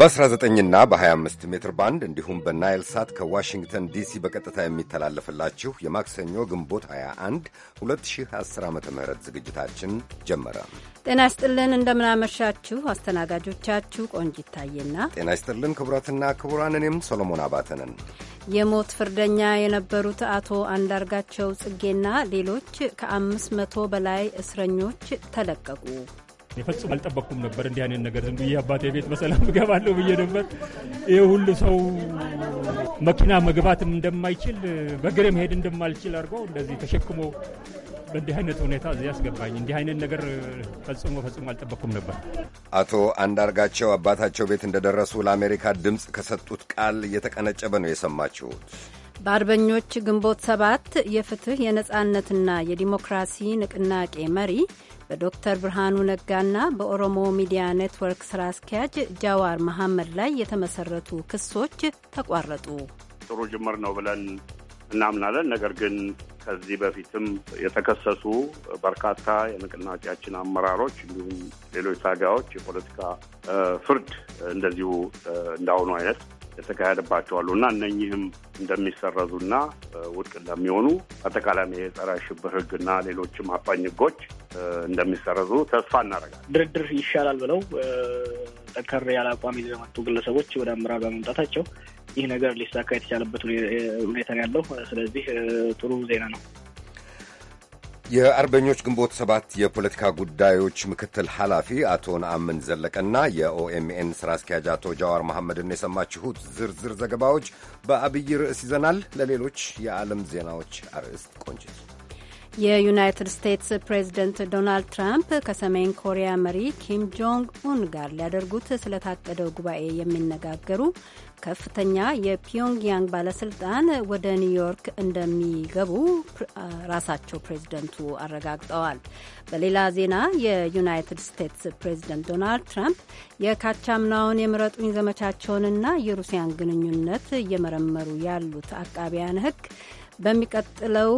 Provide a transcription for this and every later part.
በ19ና በ25 ሜትር ባንድ እንዲሁም በናይል ሳት ከዋሽንግተን ዲሲ በቀጥታ የሚተላለፍላችሁ የማክሰኞ ግንቦት 21 2010 ዓ ም ዝግጅታችን ጀመረ። ጤና ይስጥልን፣ እንደምናመሻችሁ። አስተናጋጆቻችሁ ቆንጅ ይታየና፣ ጤና ይስጥልን ክቡራትና ክቡራን፣ እኔም ሶሎሞን አባተ ነን። የሞት ፍርደኛ የነበሩት አቶ አንዳርጋቸው ጽጌና ሌሎች ከአምስት መቶ በላይ እስረኞች ተለቀቁ። የፈጽሞ አልጠበቅኩም ነበር። እንዲህ አይነት ነገር ዝም ብዬ አባቴ ቤት በሰላም እገባለሁ ብዬ ነበር። ይህ ሁሉ ሰው መኪና መግባትም እንደማይችል በእግሬ መሄድ እንደማልችል አድርጎ እንደዚህ ተሸክሞ በእንዲህ አይነት ሁኔታ እዚህ ያስገባኝ። እንዲህ አይነት ነገር ፈጽሞ ፈጽሞ አልጠበቅኩም ነበር። አቶ አንዳርጋቸው አባታቸው ቤት እንደደረሱ ለአሜሪካ ድምፅ ከሰጡት ቃል እየተቀነጨበ ነው የሰማችሁት። በአርበኞች ግንቦት ሰባት የፍትህ የነጻነትና የዲሞክራሲ ንቅናቄ መሪ በዶክተር ብርሃኑ ነጋና በኦሮሞ ሚዲያ ኔትወርክ ስራ አስኪያጅ ጃዋር መሐመድ ላይ የተመሰረቱ ክሶች ተቋረጡ። ጥሩ ጅምር ነው ብለን እናምናለን። ነገር ግን ከዚህ በፊትም የተከሰሱ በርካታ የንቅናቄያችን አመራሮች እንዲሁም ሌሎች ታጋዮች የፖለቲካ ፍርድ እንደዚሁ እንዳሁኑ አይነት የተካሄደባቸዋሉ እና እነኚህም እንደሚሰረዙና ውድቅ እንደሚሆኑ አጠቃላይ የጸረ ሽብር ሕግና ሌሎችም አፋኝ ህጎች እንደሚሰረዙ ተስፋ እናደርጋለን። ድርድር ይሻላል ብለው ጠንከር ያለ አቋም ይዘው የመጡ ግለሰቦች ወደ አመራር በመምጣታቸው ይህ ነገር ሊሳካ የተቻለበት ሁኔታ ነው ያለው። ስለዚህ ጥሩ ዜና ነው። የአርበኞች ግንቦት ሰባት የፖለቲካ ጉዳዮች ምክትል ኃላፊ አቶ ነአምን ዘለቀና የኦኤምኤን ሥራ አስኪያጅ አቶ ጃዋር መሐመድን የሰማችሁት ዝርዝር ዘገባዎች በአብይ ርዕስ ይዘናል። ለሌሎች የዓለም ዜናዎች አርዕስት ቆንጭት የዩናይትድ ስቴትስ ፕሬዝደንት ዶናልድ ትራምፕ ከሰሜን ኮሪያ መሪ ኪም ጆንግ ኡን ጋር ሊያደርጉት ስለታቀደው ጉባኤ የሚነጋገሩ ከፍተኛ የፒዮንግያንግ ባለስልጣን ወደ ኒውዮርክ እንደሚገቡ ራሳቸው ፕሬዝደንቱ አረጋግጠዋል። በሌላ ዜና የዩናይትድ ስቴትስ ፕሬዝደንት ዶናልድ ትራምፕ የካቻምናውን የምረጡኝ ዘመቻቸውንና የሩሲያን ግንኙነት እየመረመሩ ያሉት አቃቢያን ሕግ በሚቀጥለው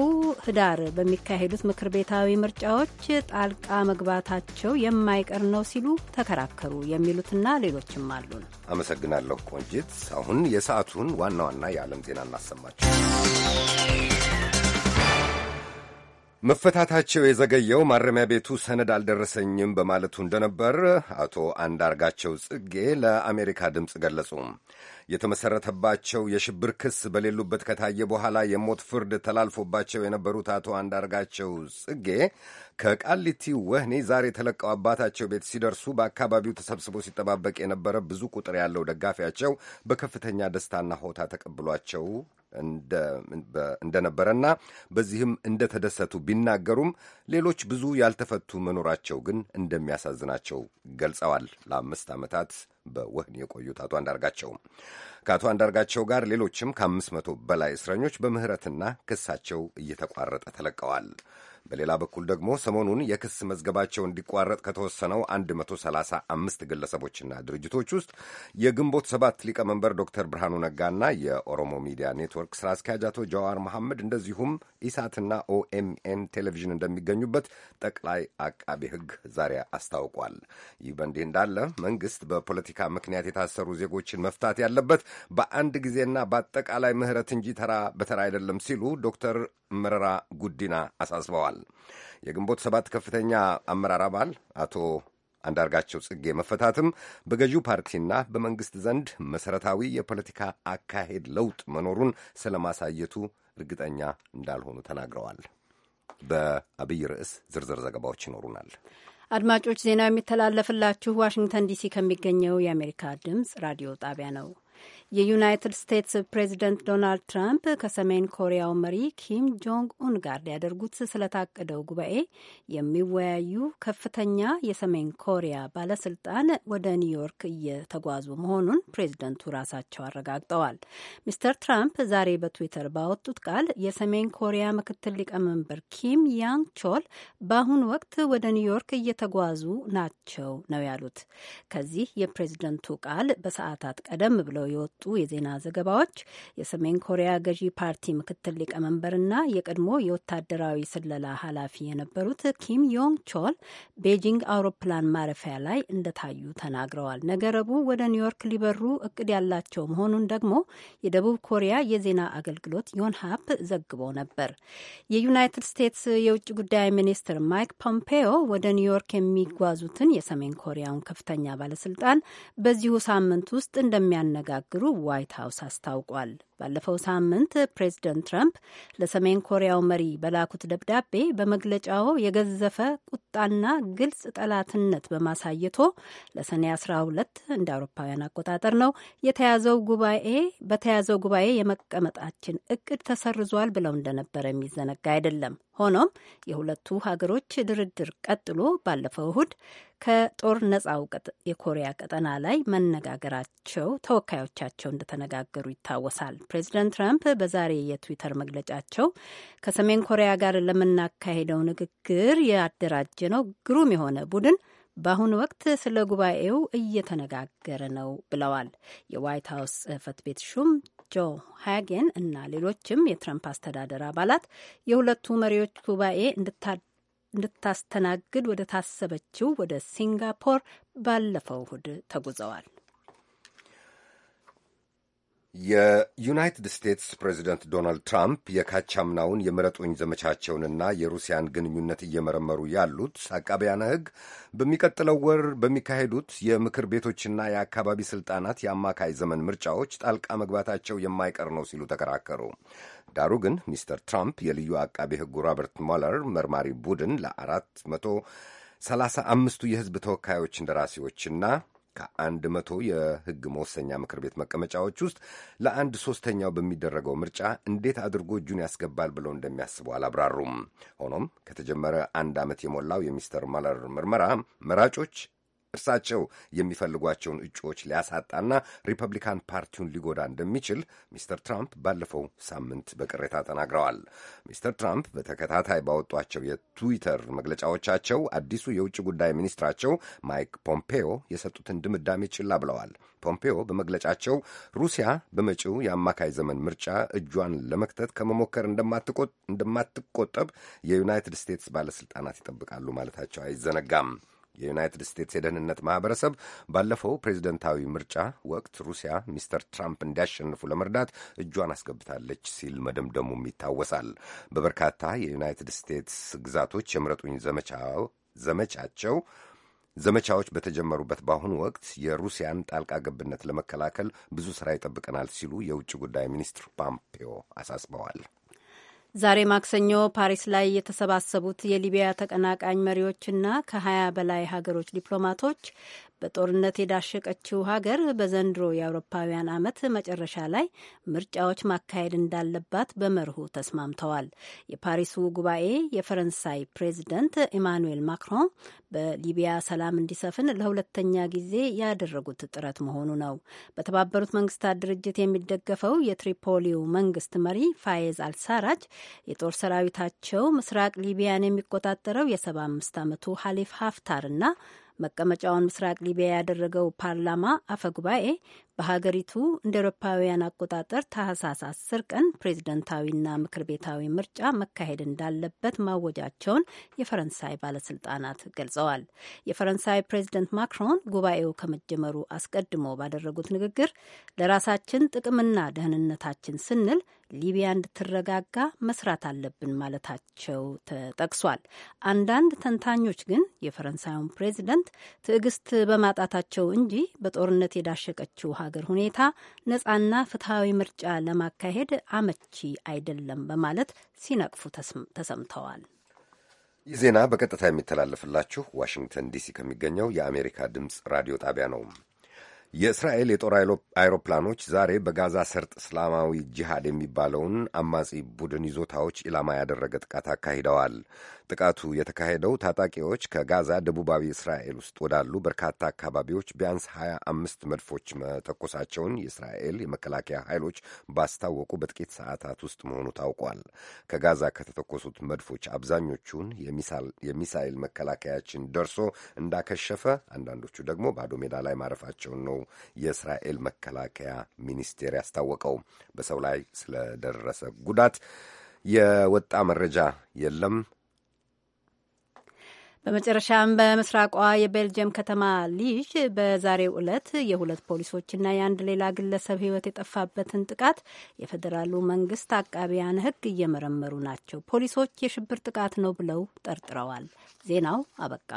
ህዳር በሚካሄዱት ምክር ቤታዊ ምርጫዎች ጣልቃ መግባታቸው የማይቀር ነው ሲሉ ተከራከሩ። የሚሉትና ሌሎችም አሉን። አመሰግናለሁ ቆንጂት። አሁን የሰዓቱን ዋና ዋና የዓለም ዜና እናሰማቸው። መፈታታቸው የዘገየው ማረሚያ ቤቱ ሰነድ አልደረሰኝም በማለቱ እንደነበር አቶ አንዳርጋቸው ጽጌ ለአሜሪካ ድምፅ ገለጹ። የተመሠረተባቸው የሽብር ክስ በሌሉበት ከታየ በኋላ የሞት ፍርድ ተላልፎባቸው የነበሩት አቶ አንዳርጋቸው ጽጌ ከቃሊቲ ወህኔ ዛሬ ተለቀው አባታቸው ቤት ሲደርሱ በአካባቢው ተሰብስቦ ሲጠባበቅ የነበረ ብዙ ቁጥር ያለው ደጋፊያቸው በከፍተኛ ደስታና ሆታ ተቀብሏቸው እንደነበረና በዚህም እንደተደሰቱ ቢናገሩም ሌሎች ብዙ ያልተፈቱ መኖራቸው ግን እንደሚያሳዝናቸው ገልጸዋል። ለአምስት ዓመታት በወህኒ የቆዩት አቶ አንዳርጋቸው ከአቶ አንዳርጋቸው ጋር ሌሎችም ከአምስት መቶ በላይ እስረኞች በምህረትና ክሳቸው እየተቋረጠ ተለቀዋል። በሌላ በኩል ደግሞ ሰሞኑን የክስ መዝገባቸው እንዲቋረጥ ከተወሰነው 135 ግለሰቦችና ድርጅቶች ውስጥ የግንቦት ሰባት ሊቀመንበር ዶክተር ብርሃኑ ነጋና የኦሮሞ ሚዲያ ኔትወርክ ስራ አስኪያጅ አቶ ጃዋር መሐመድ እንደዚሁም ኢሳትና ኦኤምኤን ቴሌቪዥን እንደሚገኙበት ጠቅላይ አቃቤ ሕግ ዛሬ አስታውቋል። ይህ በእንዲህ እንዳለ መንግስት በፖለቲካ ምክንያት የታሰሩ ዜጎችን መፍታት ያለበት በአንድ ጊዜና በአጠቃላይ ምህረት እንጂ ተራ በተራ አይደለም ሲሉ ዶክተር መረራ ጉዲና አሳስበዋል። የግንቦት ሰባት ከፍተኛ አመራር አባል አቶ አንዳርጋቸው ጽጌ መፈታትም በገዢው ፓርቲና በመንግሥት ዘንድ መሠረታዊ የፖለቲካ አካሄድ ለውጥ መኖሩን ስለማሳየቱ እርግጠኛ እንዳልሆኑ ተናግረዋል። በአብይ ርዕስ ዝርዝር ዘገባዎች ይኖሩናል። አድማጮች፣ ዜናው የሚተላለፍላችሁ ዋሽንግተን ዲሲ ከሚገኘው የአሜሪካ ድምፅ ራዲዮ ጣቢያ ነው። የዩናይትድ ስቴትስ ፕሬዚደንት ዶናልድ ትራምፕ ከሰሜን ኮሪያው መሪ ኪም ጆንግ ኡን ጋር ሊያደርጉት ስለታቀደው ጉባኤ የሚወያዩ ከፍተኛ የሰሜን ኮሪያ ባለስልጣን ወደ ኒውዮርክ እየተጓዙ መሆኑን ፕሬዚደንቱ ራሳቸው አረጋግጠዋል። ሚስተር ትራምፕ ዛሬ በትዊተር ባወጡት ቃል የሰሜን ኮሪያ ምክትል ሊቀመንበር ኪም ያንግ ቾል በአሁኑ ወቅት ወደ ኒውዮርክ እየተጓዙ ናቸው ነው ያሉት። ከዚህ የፕሬዚደንቱ ቃል በሰዓታት ቀደም ብለው የወጡ የወጡ የዜና ዘገባዎች የሰሜን ኮሪያ ገዢ ፓርቲ ምክትል ሊቀመንበርና የቀድሞ የወታደራዊ ስለላ ኃላፊ የነበሩት ኪም ዮንግ ቾል ቤጂንግ አውሮፕላን ማረፊያ ላይ እንደታዩ ተናግረዋል። ነገ ረቡዕ ወደ ኒውዮርክ ሊበሩ እቅድ ያላቸው መሆኑን ደግሞ የደቡብ ኮሪያ የዜና አገልግሎት ዮንሃፕ ዘግቦ ነበር። የዩናይትድ ስቴትስ የውጭ ጉዳይ ሚኒስትር ማይክ ፖምፔዮ ወደ ኒውዮርክ የሚጓዙትን የሰሜን ኮሪያውን ከፍተኛ ባለስልጣን በዚሁ ሳምንት ውስጥ እንደሚያነጋግሩ ዋይት ሀውስ አስታውቋል። ባለፈው ሳምንት ፕሬዚደንት ትራምፕ ለሰሜን ኮሪያው መሪ በላኩት ደብዳቤ በመግለጫው የገዘፈ ቁጣና ግልጽ ጠላትነት በማሳየቶ ለሰኔ 12 እንደ አውሮፓውያን አቆጣጠር ነው የተያዘው ጉባኤ በተያዘው ጉባኤ የመቀመጣችን እቅድ ተሰርዟል ብለው እንደነበረ የሚዘነጋ አይደለም። ሆኖም የሁለቱ ሀገሮች ድርድር ቀጥሎ ባለፈው እሁድ ከጦር ነጻው የኮሪያ ቀጠና ላይ መነጋገራቸው ተወካዮቻቸው እንደተነጋገሩ ይታወሳል። ፕሬዚደንት ትራምፕ በዛሬ የትዊተር መግለጫቸው ከሰሜን ኮሪያ ጋር ለምናካሄደው ንግግር ያደራጀ ነው ግሩም የሆነ ቡድን በአሁኑ ወቅት ስለ ጉባኤው እየተነጋገረ ነው ብለዋል። የዋይት ሀውስ ጽህፈት ቤት ሹም ጆ ሃጌን እና ሌሎችም የትራምፕ አስተዳደር አባላት የሁለቱ መሪዎች ጉባኤ እንድታስተናግድ ወደ ታሰበችው ወደ ሲንጋፖር ባለፈው እሁድ ተጉዘዋል። የዩናይትድ ስቴትስ ፕሬዚደንት ዶናልድ ትራምፕ የካቻምናውን የምረጡኝ ዘመቻቸውንና የሩሲያን ግንኙነት እየመረመሩ ያሉት አቃቢያነ ሕግ በሚቀጥለው ወር በሚካሄዱት የምክር ቤቶችና የአካባቢ ስልጣናት የአማካይ ዘመን ምርጫዎች ጣልቃ መግባታቸው የማይቀር ነው ሲሉ ተከራከሩ። ዳሩ ግን ሚስተር ትራምፕ የልዩ አቃቢ ሕጉ ሮበርት ሞለር መርማሪ ቡድን ለአራት መቶ ሰላሳ አምስቱ የህዝብ ተወካዮች እንደራሴዎችና ከአንድ መቶ የሕግ መወሰኛ ምክር ቤት መቀመጫዎች ውስጥ ለአንድ ሶስተኛው በሚደረገው ምርጫ እንዴት አድርጎ እጁን ያስገባል ብለው እንደሚያስቡ አላብራሩም። ሆኖም ከተጀመረ አንድ ዓመት የሞላው የሚስተር ማለር ምርመራ መራጮች እርሳቸው የሚፈልጓቸውን እጩዎች ሊያሳጣና ሪፐብሊካን ፓርቲውን ሊጎዳ እንደሚችል ሚስተር ትራምፕ ባለፈው ሳምንት በቅሬታ ተናግረዋል። ሚስተር ትራምፕ በተከታታይ ባወጧቸው የትዊተር መግለጫዎቻቸው አዲሱ የውጭ ጉዳይ ሚኒስትራቸው ማይክ ፖምፔዮ የሰጡትን ድምዳሜ ችላ ብለዋል። ፖምፔዮ በመግለጫቸው ሩሲያ በመጪው የአማካይ ዘመን ምርጫ እጇን ለመክተት ከመሞከር እንደማትቆጠብ የዩናይትድ ስቴትስ ባለሥልጣናት ይጠብቃሉ ማለታቸው አይዘነጋም። የዩናይትድ ስቴትስ የደህንነት ማህበረሰብ ባለፈው ፕሬዚደንታዊ ምርጫ ወቅት ሩሲያ ሚስተር ትራምፕ እንዲያሸንፉ ለመርዳት እጇን አስገብታለች ሲል መደምደሙም ይታወሳል። በበርካታ የዩናይትድ ስቴትስ ግዛቶች የምረጡኝ ዘመቻቸው ዘመቻዎች በተጀመሩበት በአሁኑ ወቅት የሩሲያን ጣልቃ ገብነት ለመከላከል ብዙ ስራ ይጠብቀናል ሲሉ የውጭ ጉዳይ ሚኒስትር ፖምፔዮ አሳስበዋል። ዛሬ ማክሰኞ ፓሪስ ላይ የተሰባሰቡት የሊቢያ ተቀናቃኝ መሪዎችና ከ20 በላይ ሀገሮች ዲፕሎማቶች በጦርነት የዳሸቀችው ሀገር በዘንድሮ የአውሮፓውያን ዓመት መጨረሻ ላይ ምርጫዎች ማካሄድ እንዳለባት በመርሁ ተስማምተዋል። የፓሪሱ ጉባኤ የፈረንሳይ ፕሬዚደንት ኢማኑኤል ማክሮን በሊቢያ ሰላም እንዲሰፍን ለሁለተኛ ጊዜ ያደረጉት ጥረት መሆኑ ነው። በተባበሩት መንግስታት ድርጅት የሚደገፈው የትሪፖሊው መንግስት መሪ ፋየዝ አልሳራጅ የጦር ሰራዊታቸው ምስራቅ ሊቢያን የሚቆጣጠረው የ75 ዓመቱ ሀሊፍ እና ። መቀመጫውን ምስራቅ ሊቢያ ያደረገው ፓርላማ አፈጉባኤ በሀገሪቱ እንደ ኤሮፓውያን አቆጣጠር ታህሳስ አስር ቀን ፕሬዝደንታዊና ምክር ቤታዊ ምርጫ መካሄድ እንዳለበት ማወጃቸውን የፈረንሳይ ባለስልጣናት ገልጸዋል። የፈረንሳይ ፕሬዝደንት ማክሮን ጉባኤው ከመጀመሩ አስቀድሞ ባደረጉት ንግግር ለራሳችን ጥቅምና ደህንነታችን ስንል ሊቢያ እንድትረጋጋ መስራት አለብን ማለታቸው ተጠቅሷል። አንዳንድ ተንታኞች ግን የፈረንሳዩን ፕሬዝደንት ትዕግስት በማጣታቸው እንጂ በጦርነት የዳሸቀችው አገር ሁኔታ ነጻና ፍትሐዊ ምርጫ ለማካሄድ አመቺ አይደለም በማለት ሲነቅፉ ተሰምተዋል። ይህ ዜና በቀጥታ የሚተላለፍላችሁ ዋሽንግተን ዲሲ ከሚገኘው የአሜሪካ ድምፅ ራዲዮ ጣቢያ ነው። የእስራኤል የጦር አይሮፕላኖች ዛሬ በጋዛ ሰርጥ እስላማዊ ጂሃድ የሚባለውን አማጺ ቡድን ይዞታዎች ኢላማ ያደረገ ጥቃት አካሂደዋል። ጥቃቱ የተካሄደው ታጣቂዎች ከጋዛ ደቡባዊ እስራኤል ውስጥ ወዳሉ በርካታ አካባቢዎች ቢያንስ ሀያ አምስት መድፎች መተኮሳቸውን የእስራኤል የመከላከያ ኃይሎች ባስታወቁ በጥቂት ሰዓታት ውስጥ መሆኑ ታውቋል። ከጋዛ ከተተኮሱት መድፎች አብዛኞቹን የሚሳይል መከላከያችን ደርሶ እንዳከሸፈ፣ አንዳንዶቹ ደግሞ ባዶ ሜዳ ላይ ማረፋቸውን ነው የእስራኤል መከላከያ ሚኒስቴር ያስታወቀው። በሰው ላይ ስለደረሰ ጉዳት የወጣ መረጃ የለም። በመጨረሻም በምስራቋ የቤልጅየም ከተማ ሊዥ በዛሬው ዕለት የሁለት ፖሊሶችና የአንድ ሌላ ግለሰብ ሕይወት የጠፋበትን ጥቃት የፌዴራሉ መንግስት አቃቢያን ሕግ እየመረመሩ ናቸው። ፖሊሶች የሽብር ጥቃት ነው ብለው ጠርጥረዋል። ዜናው አበቃ።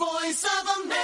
ቮይስ ኦፍ አሜሪካ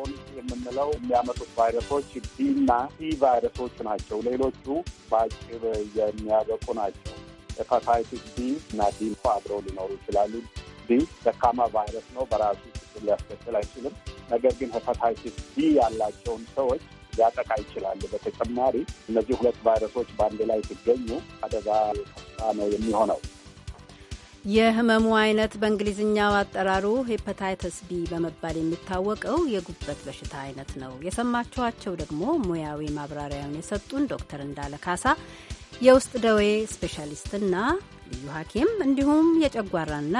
ኦሚክሮን የምንለው የሚያመጡት ቫይረሶች ቢ እና ሲ ቫይረሶች ናቸው። ሌሎቹ በአጭር የሚያበቁ ናቸው። ሄፓታይቲስ ቢ እና ዲ አብረው ሊኖሩ ይችላሉ። ዲ ደካማ ቫይረስ ነው፣ በራሱ ችግር ሊያስከትል አይችልም። ነገር ግን ሄፓታይቲስ ቢ ያላቸውን ሰዎች ሊያጠቃ ይችላል። በተጨማሪ እነዚህ ሁለት ቫይረሶች በአንድ ላይ ሲገኙ አደጋ ነው የሚሆነው። የህመሙ አይነት በእንግሊዝኛው አጠራሩ ሄፐታይተስ ቢ በመባል የሚታወቀው የጉበት በሽታ አይነት ነው። የሰማችኋቸው ደግሞ ሙያዊ ማብራሪያውን የሰጡን ዶክተር እንዳለ ካሳ የውስጥ ደዌ ስፔሻሊስትና ልዩ ሐኪም እንዲሁም የጨጓራና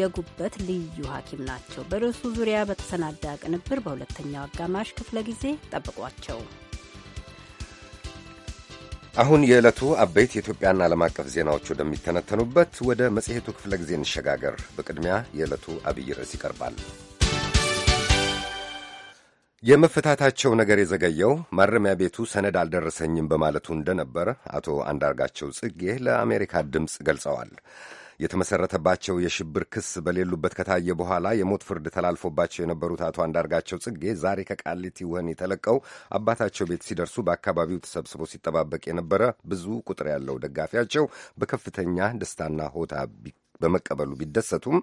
የጉበት ልዩ ሐኪም ናቸው። በርዕሱ ዙሪያ በተሰናዳ ቅንብር በሁለተኛው አጋማሽ ክፍለ ጊዜ ጠብቋቸው። አሁን የዕለቱ አበይት የኢትዮጵያና ዓለም አቀፍ ዜናዎች ወደሚተነተኑበት ወደ መጽሔቱ ክፍለ ጊዜ እንሸጋገር። በቅድሚያ የዕለቱ አብይ ርዕስ ይቀርባል። የመፈታታቸው ነገር የዘገየው ማረሚያ ቤቱ ሰነድ አልደረሰኝም በማለቱ እንደነበር አቶ አንዳርጋቸው ጽጌ ለአሜሪካ ድምፅ ገልጸዋል። የተመሰረተባቸው የሽብር ክስ በሌሉበት ከታየ በኋላ የሞት ፍርድ ተላልፎባቸው የነበሩት አቶ አንዳርጋቸው ጽጌ ዛሬ ከቃሊቲ ወህኒ ተለቀው አባታቸው ቤት ሲደርሱ በአካባቢው ተሰብስቦ ሲጠባበቅ የነበረ ብዙ ቁጥር ያለው ደጋፊያቸው በከፍተኛ ደስታና ሆታ በመቀበሉ ቢደሰቱም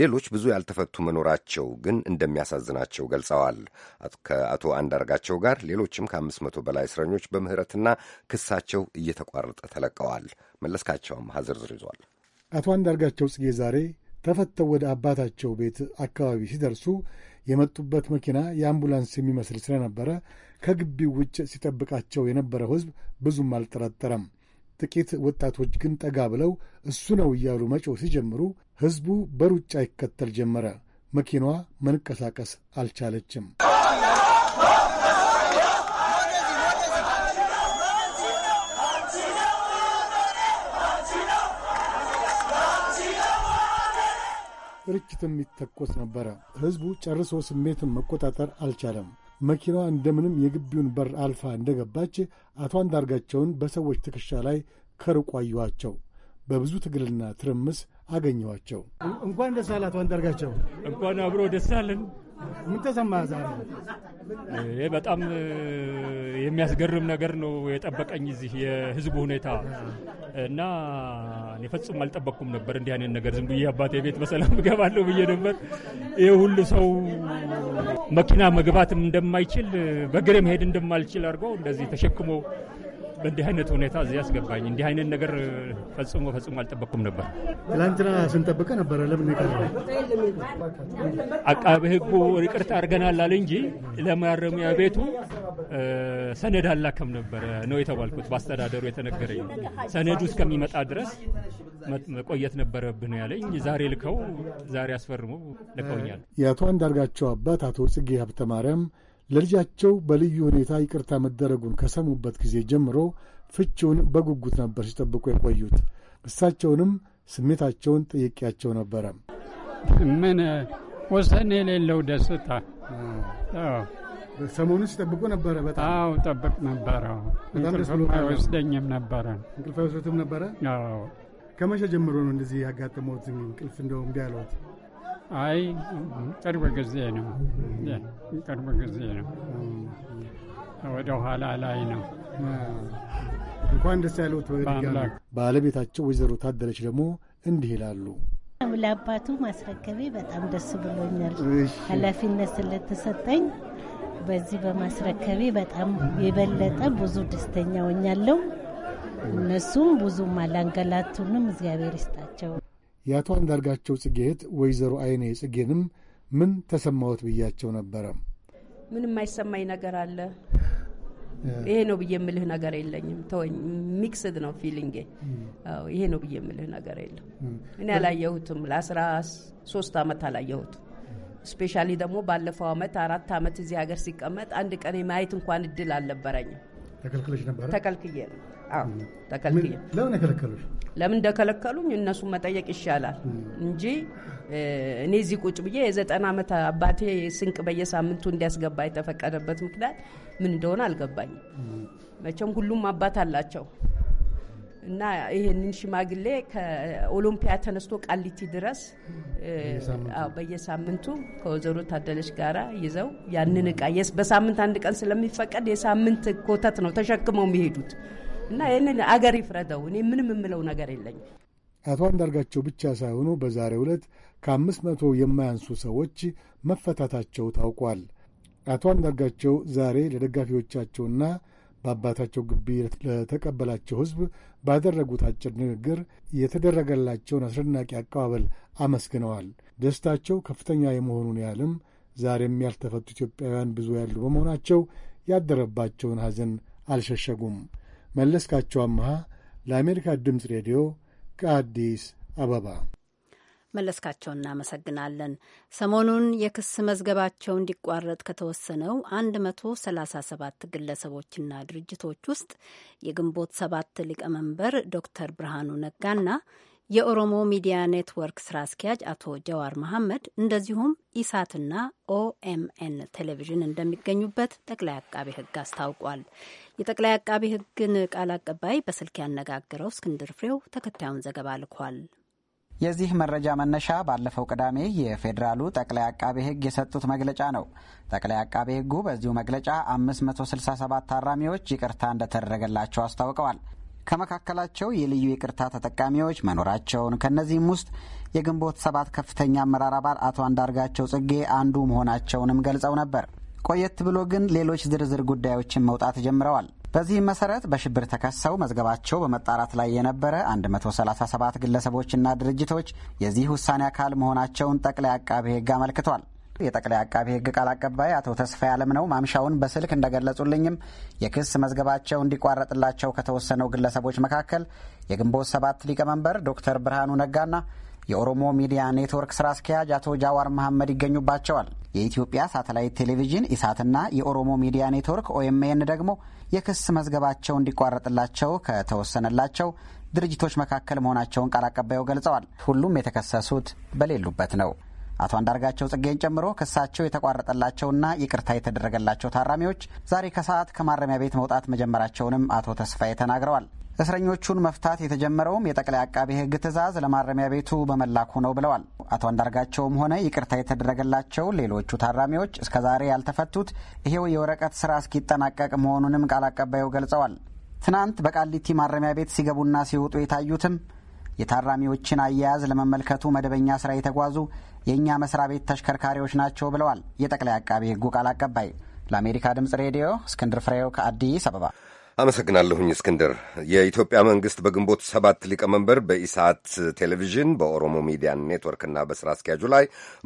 ሌሎች ብዙ ያልተፈቱ መኖራቸው ግን እንደሚያሳዝናቸው ገልጸዋል። ከአቶ አንዳርጋቸው ጋር ሌሎችም ከአምስት መቶ በላይ እስረኞች በምህረትና ክሳቸው እየተቋረጠ ተለቀዋል። መለስካቸውም ዝር ይዟል። አቶ አንዳርጋቸው ጽጌ ዛሬ ተፈተው ወደ አባታቸው ቤት አካባቢ ሲደርሱ የመጡበት መኪና የአምቡላንስ የሚመስል ስለነበረ ከግቢው ውጭ ሲጠብቃቸው የነበረው ሕዝብ ብዙም አልጠረጠረም። ጥቂት ወጣቶች ግን ጠጋ ብለው እሱ ነው እያሉ መጮህ ሲጀምሩ ሕዝቡ በሩጫ ይከተል ጀመረ። መኪናዋ መንቀሳቀስ አልቻለችም። ርችትም ይተኮስ ነበረ። ሕዝቡ ጨርሶ ስሜትን መቆጣጠር አልቻለም። መኪናዋ እንደምንም የግቢውን በር አልፋ እንደገባች አቶ አንዳርጋቸውን በሰዎች ትከሻ ላይ ከሩቅ አየኋቸው። በብዙ ትግልና ትርምስ አገኘኋቸው። እንኳን ደስ አለ አቶ አንዳርጋቸው። እንኳን አብሮ ደስ አለን። ምን ተሰማ ዛሬ? ይህ በጣም የሚያስገርም ነገር ነው የጠበቀኝ እዚህ የህዝቡ ሁኔታ እና እኔ ፈጽሞ አልጠበቅኩም ነበር እንዲህ አይነት ነገር። ዝም ብዬ አባቴ ቤት በሰላም እገባለሁ ብዬ ነበር። ይህ ሁሉ ሰው መኪና መግባትም እንደማይችል በእግር መሄድ እንደማልችል አድርጎ እንደዚህ ተሸክሞ በእንዲህ አይነት ሁኔታ እዚህ ያስገባኝ። እንዲህ አይነት ነገር ፈጽሞ ፈጽሞ አልጠበቅኩም ነበር። ትላንትና ስንጠብቀ ነበረ። ለምን ይቀር አቃቤ ሕጉ ይቅርታ አድርገናል አለ እንጂ ለማረሚያ ቤቱ ሰነድ አላከም ነበረ ነው የተባልኩት። በአስተዳደሩ የተነገረኝ ሰነዱ እስከሚመጣ ድረስ መቆየት ነበረብን ያለኝ። ዛሬ ልከው ዛሬ አስፈርሙ ልከውኛል። የአቶ አንዳርጋቸው አባት አቶ ጽጌ ሀብተማርያም ለልጃቸው በልዩ ሁኔታ ይቅርታ መደረጉን ከሰሙበት ጊዜ ጀምሮ ፍቺውን በጉጉት ነበር ሲጠብቁ የቆዩት። እሳቸውንም ስሜታቸውን ጠየቂያቸው ነበረ። ምን ወሰን የሌለው ደስታ ሰሞኑ ሲጠብቁ ነበረ። በጣም አዎ፣ ጠብቅ ነበረ። አይወስደኝም ነበረ። እንቅልፍ አይወስድም ነበረ። ከመቼ ጀምሮ ነው እንደዚህ ያጋጠመት እንቅልፍ እንደው እምቢ ያለት? አይ ቅርብ ጊዜ ነው። ቅርብ ጊዜ ነው። ወደ ኋላ ላይ ነው። እንኳን ደስ ያሉት። ባለቤታቸው ወይዘሮ ታደለች ደግሞ እንዲህ ይላሉ። ለአባቱ ማስረከቤ በጣም ደስ ብሎኛል። ኃላፊነት ስለተሰጠኝ በዚህ በማስረከቤ በጣም የበለጠ ብዙ ደስተኛ ሆኛለሁ። እነሱም ብዙም አላንገላቱንም። እግዚአብሔር ይስጣል። የአቶ አንዳርጋቸው ጽጌ እህት ወይዘሮ አይኔ ጽጌንም ምን ተሰማዎት ብያቸው ነበረ። ምን የማይሰማኝ ነገር አለ ይሄ ነው ብዬ የምልህ ነገር የለኝም። ተወኝ። ሚክስድ ነው ፊሊንጌ። ይሄ ነው ብዬ የምልህ ነገር የለም። እኔ አላየሁትም። ለአስራ ሶስት አመት አላየሁትም። ስፔሻሊ ደግሞ ባለፈው አመት አራት አመት እዚህ ሀገር ሲቀመጥ አንድ ቀን የማየት እንኳን እድል አልነበረኝም። ተከልክለሽ ነበረ? ተከልክዬ ነው። አዎ ተከልክዬ። ለምን የከለከሉሽ? ለምን እንደከለከሉኝ እነሱ መጠየቅ ይሻላል እንጂ እኔ እዚህ ቁጭ ብዬ የዘጠና ዓመት አባቴ ስንቅ በየሳምንቱ እንዲያስገባ የተፈቀደበት ምክንያት ምን እንደሆነ አልገባኝም። መቼም ሁሉም አባት አላቸው እና ይህንን ሽማግሌ ከኦሎምፒያ ተነስቶ ቃሊቲ ድረስ በየሳምንቱ ከወይዘሮ ታደለች ጋር ይዘው ያንን እቃ በሳምንት አንድ ቀን ስለሚፈቀድ የሳምንት ኮተት ነው ተሸክመው የሚሄዱት እና ይህንን አገር ይፍረደው። እኔ ምንም የምለው ነገር የለኝም። አቶ አንዳርጋቸው ብቻ ሳይሆኑ በዛሬ ዕለት ከአምስት መቶ የማያንሱ ሰዎች መፈታታቸው ታውቋል። አቶ አንዳርጋቸው ዛሬ ለደጋፊዎቻቸውና በአባታቸው ግቢ ለተቀበላቸው ሕዝብ ባደረጉት አጭር ንግግር የተደረገላቸውን አስደናቂ አቀባበል አመስግነዋል። ደስታቸው ከፍተኛ የመሆኑን ያህልም ዛሬም ያልተፈቱ ኢትዮጵያውያን ብዙ ያሉ በመሆናቸው ያደረባቸውን ሐዘን አልሸሸጉም። መለስካቸው አመሃ ለአሜሪካ ድምፅ ሬዲዮ ከአዲስ አበባ መለስካቸው እናመሰግናለን። ሰሞኑን የክስ መዝገባቸው እንዲቋረጥ ከተወሰነው 137 ግለሰቦችና ድርጅቶች ውስጥ የግንቦት ሰባት ሊቀመንበር ዶክተር ብርሃኑ ነጋና የኦሮሞ ሚዲያ ኔትወርክ ስራ አስኪያጅ አቶ ጀዋር መሐመድ እንደዚሁም ኢሳትና ኦኤምኤን ቴሌቪዥን እንደሚገኙበት ጠቅላይ አቃቤ ሕግ አስታውቋል። የጠቅላይ አቃቤ ሕግን ቃል አቀባይ በስልክ ያነጋግረው እስክንድር ፍሬው ተከታዩን ዘገባ ልኳል። የዚህ መረጃ መነሻ ባለፈው ቅዳሜ የፌዴራሉ ጠቅላይ አቃቤ ሕግ የሰጡት መግለጫ ነው። ጠቅላይ አቃቤ ሕጉ በዚሁ መግለጫ 567 ታራሚዎች ይቅርታ እንደተደረገላቸው አስታውቀዋል። ከመካከላቸው የልዩ ይቅርታ ተጠቃሚዎች መኖራቸውን ከእነዚህም ውስጥ የግንቦት ሰባት ከፍተኛ አመራር አባል አቶ አንዳርጋቸው ጽጌ አንዱ መሆናቸውንም ገልጸው ነበር። ቆየት ብሎ ግን ሌሎች ዝርዝር ጉዳዮችን መውጣት ጀምረዋል። በዚህም መሰረት በሽብር ተከሰው መዝገባቸው በመጣራት ላይ የነበረ 137 ግለሰቦችና ድርጅቶች የዚህ ውሳኔ አካል መሆናቸውን ጠቅላይ አቃቤ ሕግ አመልክቷል። የጠቅላይ አቃቤ ሕግ ቃል አቀባይ አቶ ተስፋ ነው ማምሻውን በስልክ እንደገለጹልኝም የክስ መዝገባቸው እንዲቋረጥላቸው ከተወሰነው ግለሰቦች መካከል የግንቦት ሰባት ሊቀመንበር ዶክተር ብርሃኑ ነጋና የኦሮሞ ሚዲያ ኔትወርክ ስራ አስኪያጅ አቶ ጃዋር መሐመድ ይገኙባቸዋል። የኢትዮጵያ ሳተላይት ቴሌቪዥን ኢሳትና የኦሮሞ ሚዲያ ኔትወርክ ኦኤምኤን ደግሞ የክስ መዝገባቸው እንዲቋረጥላቸው ከተወሰነላቸው ድርጅቶች መካከል መሆናቸውን ቃል አቀባዩ ገልጸዋል። ሁሉም የተከሰሱት በሌሉበት ነው። አቶ አንዳርጋቸው ጽጌን ጨምሮ ክሳቸው የተቋረጠላቸውና ይቅርታ የተደረገላቸው ታራሚዎች ዛሬ ከሰዓት ከማረሚያ ቤት መውጣት መጀመራቸውንም አቶ ተስፋዬ ተናግረዋል። እስረኞቹን መፍታት የተጀመረውም የጠቅላይ አቃቤ ሕግ ትዕዛዝ ለማረሚያ ቤቱ በመላኩ ነው ብለዋል። አቶ አንዳርጋቸውም ሆነ ይቅርታ የተደረገላቸው ሌሎቹ ታራሚዎች እስከዛሬ ያልተፈቱት ይሄው የወረቀት ስራ እስኪጠናቀቅ መሆኑንም ቃል አቀባዩ ገልጸዋል። ትናንት በቃሊቲ ማረሚያ ቤት ሲገቡና ሲወጡ የታዩትም የታራሚዎችን አያያዝ ለመመልከቱ መደበኛ ስራ የተጓዙ የእኛ መስሪያ ቤት ተሽከርካሪዎች ናቸው ብለዋል የጠቅላይ አቃቤ ሕጉ ቃል አቀባይ። ለአሜሪካ ድምጽ ሬዲዮ እስክንድር ፍሬው ከአዲስ አበባ አመሰግናለሁኝ እስክንድር። የኢትዮጵያ መንግሥት በግንቦት ሰባት ሊቀመንበር በኢሳት ቴሌቪዥን በኦሮሞ ሚዲያ ኔትወርክና በሥራ አስኪያጁ ላይ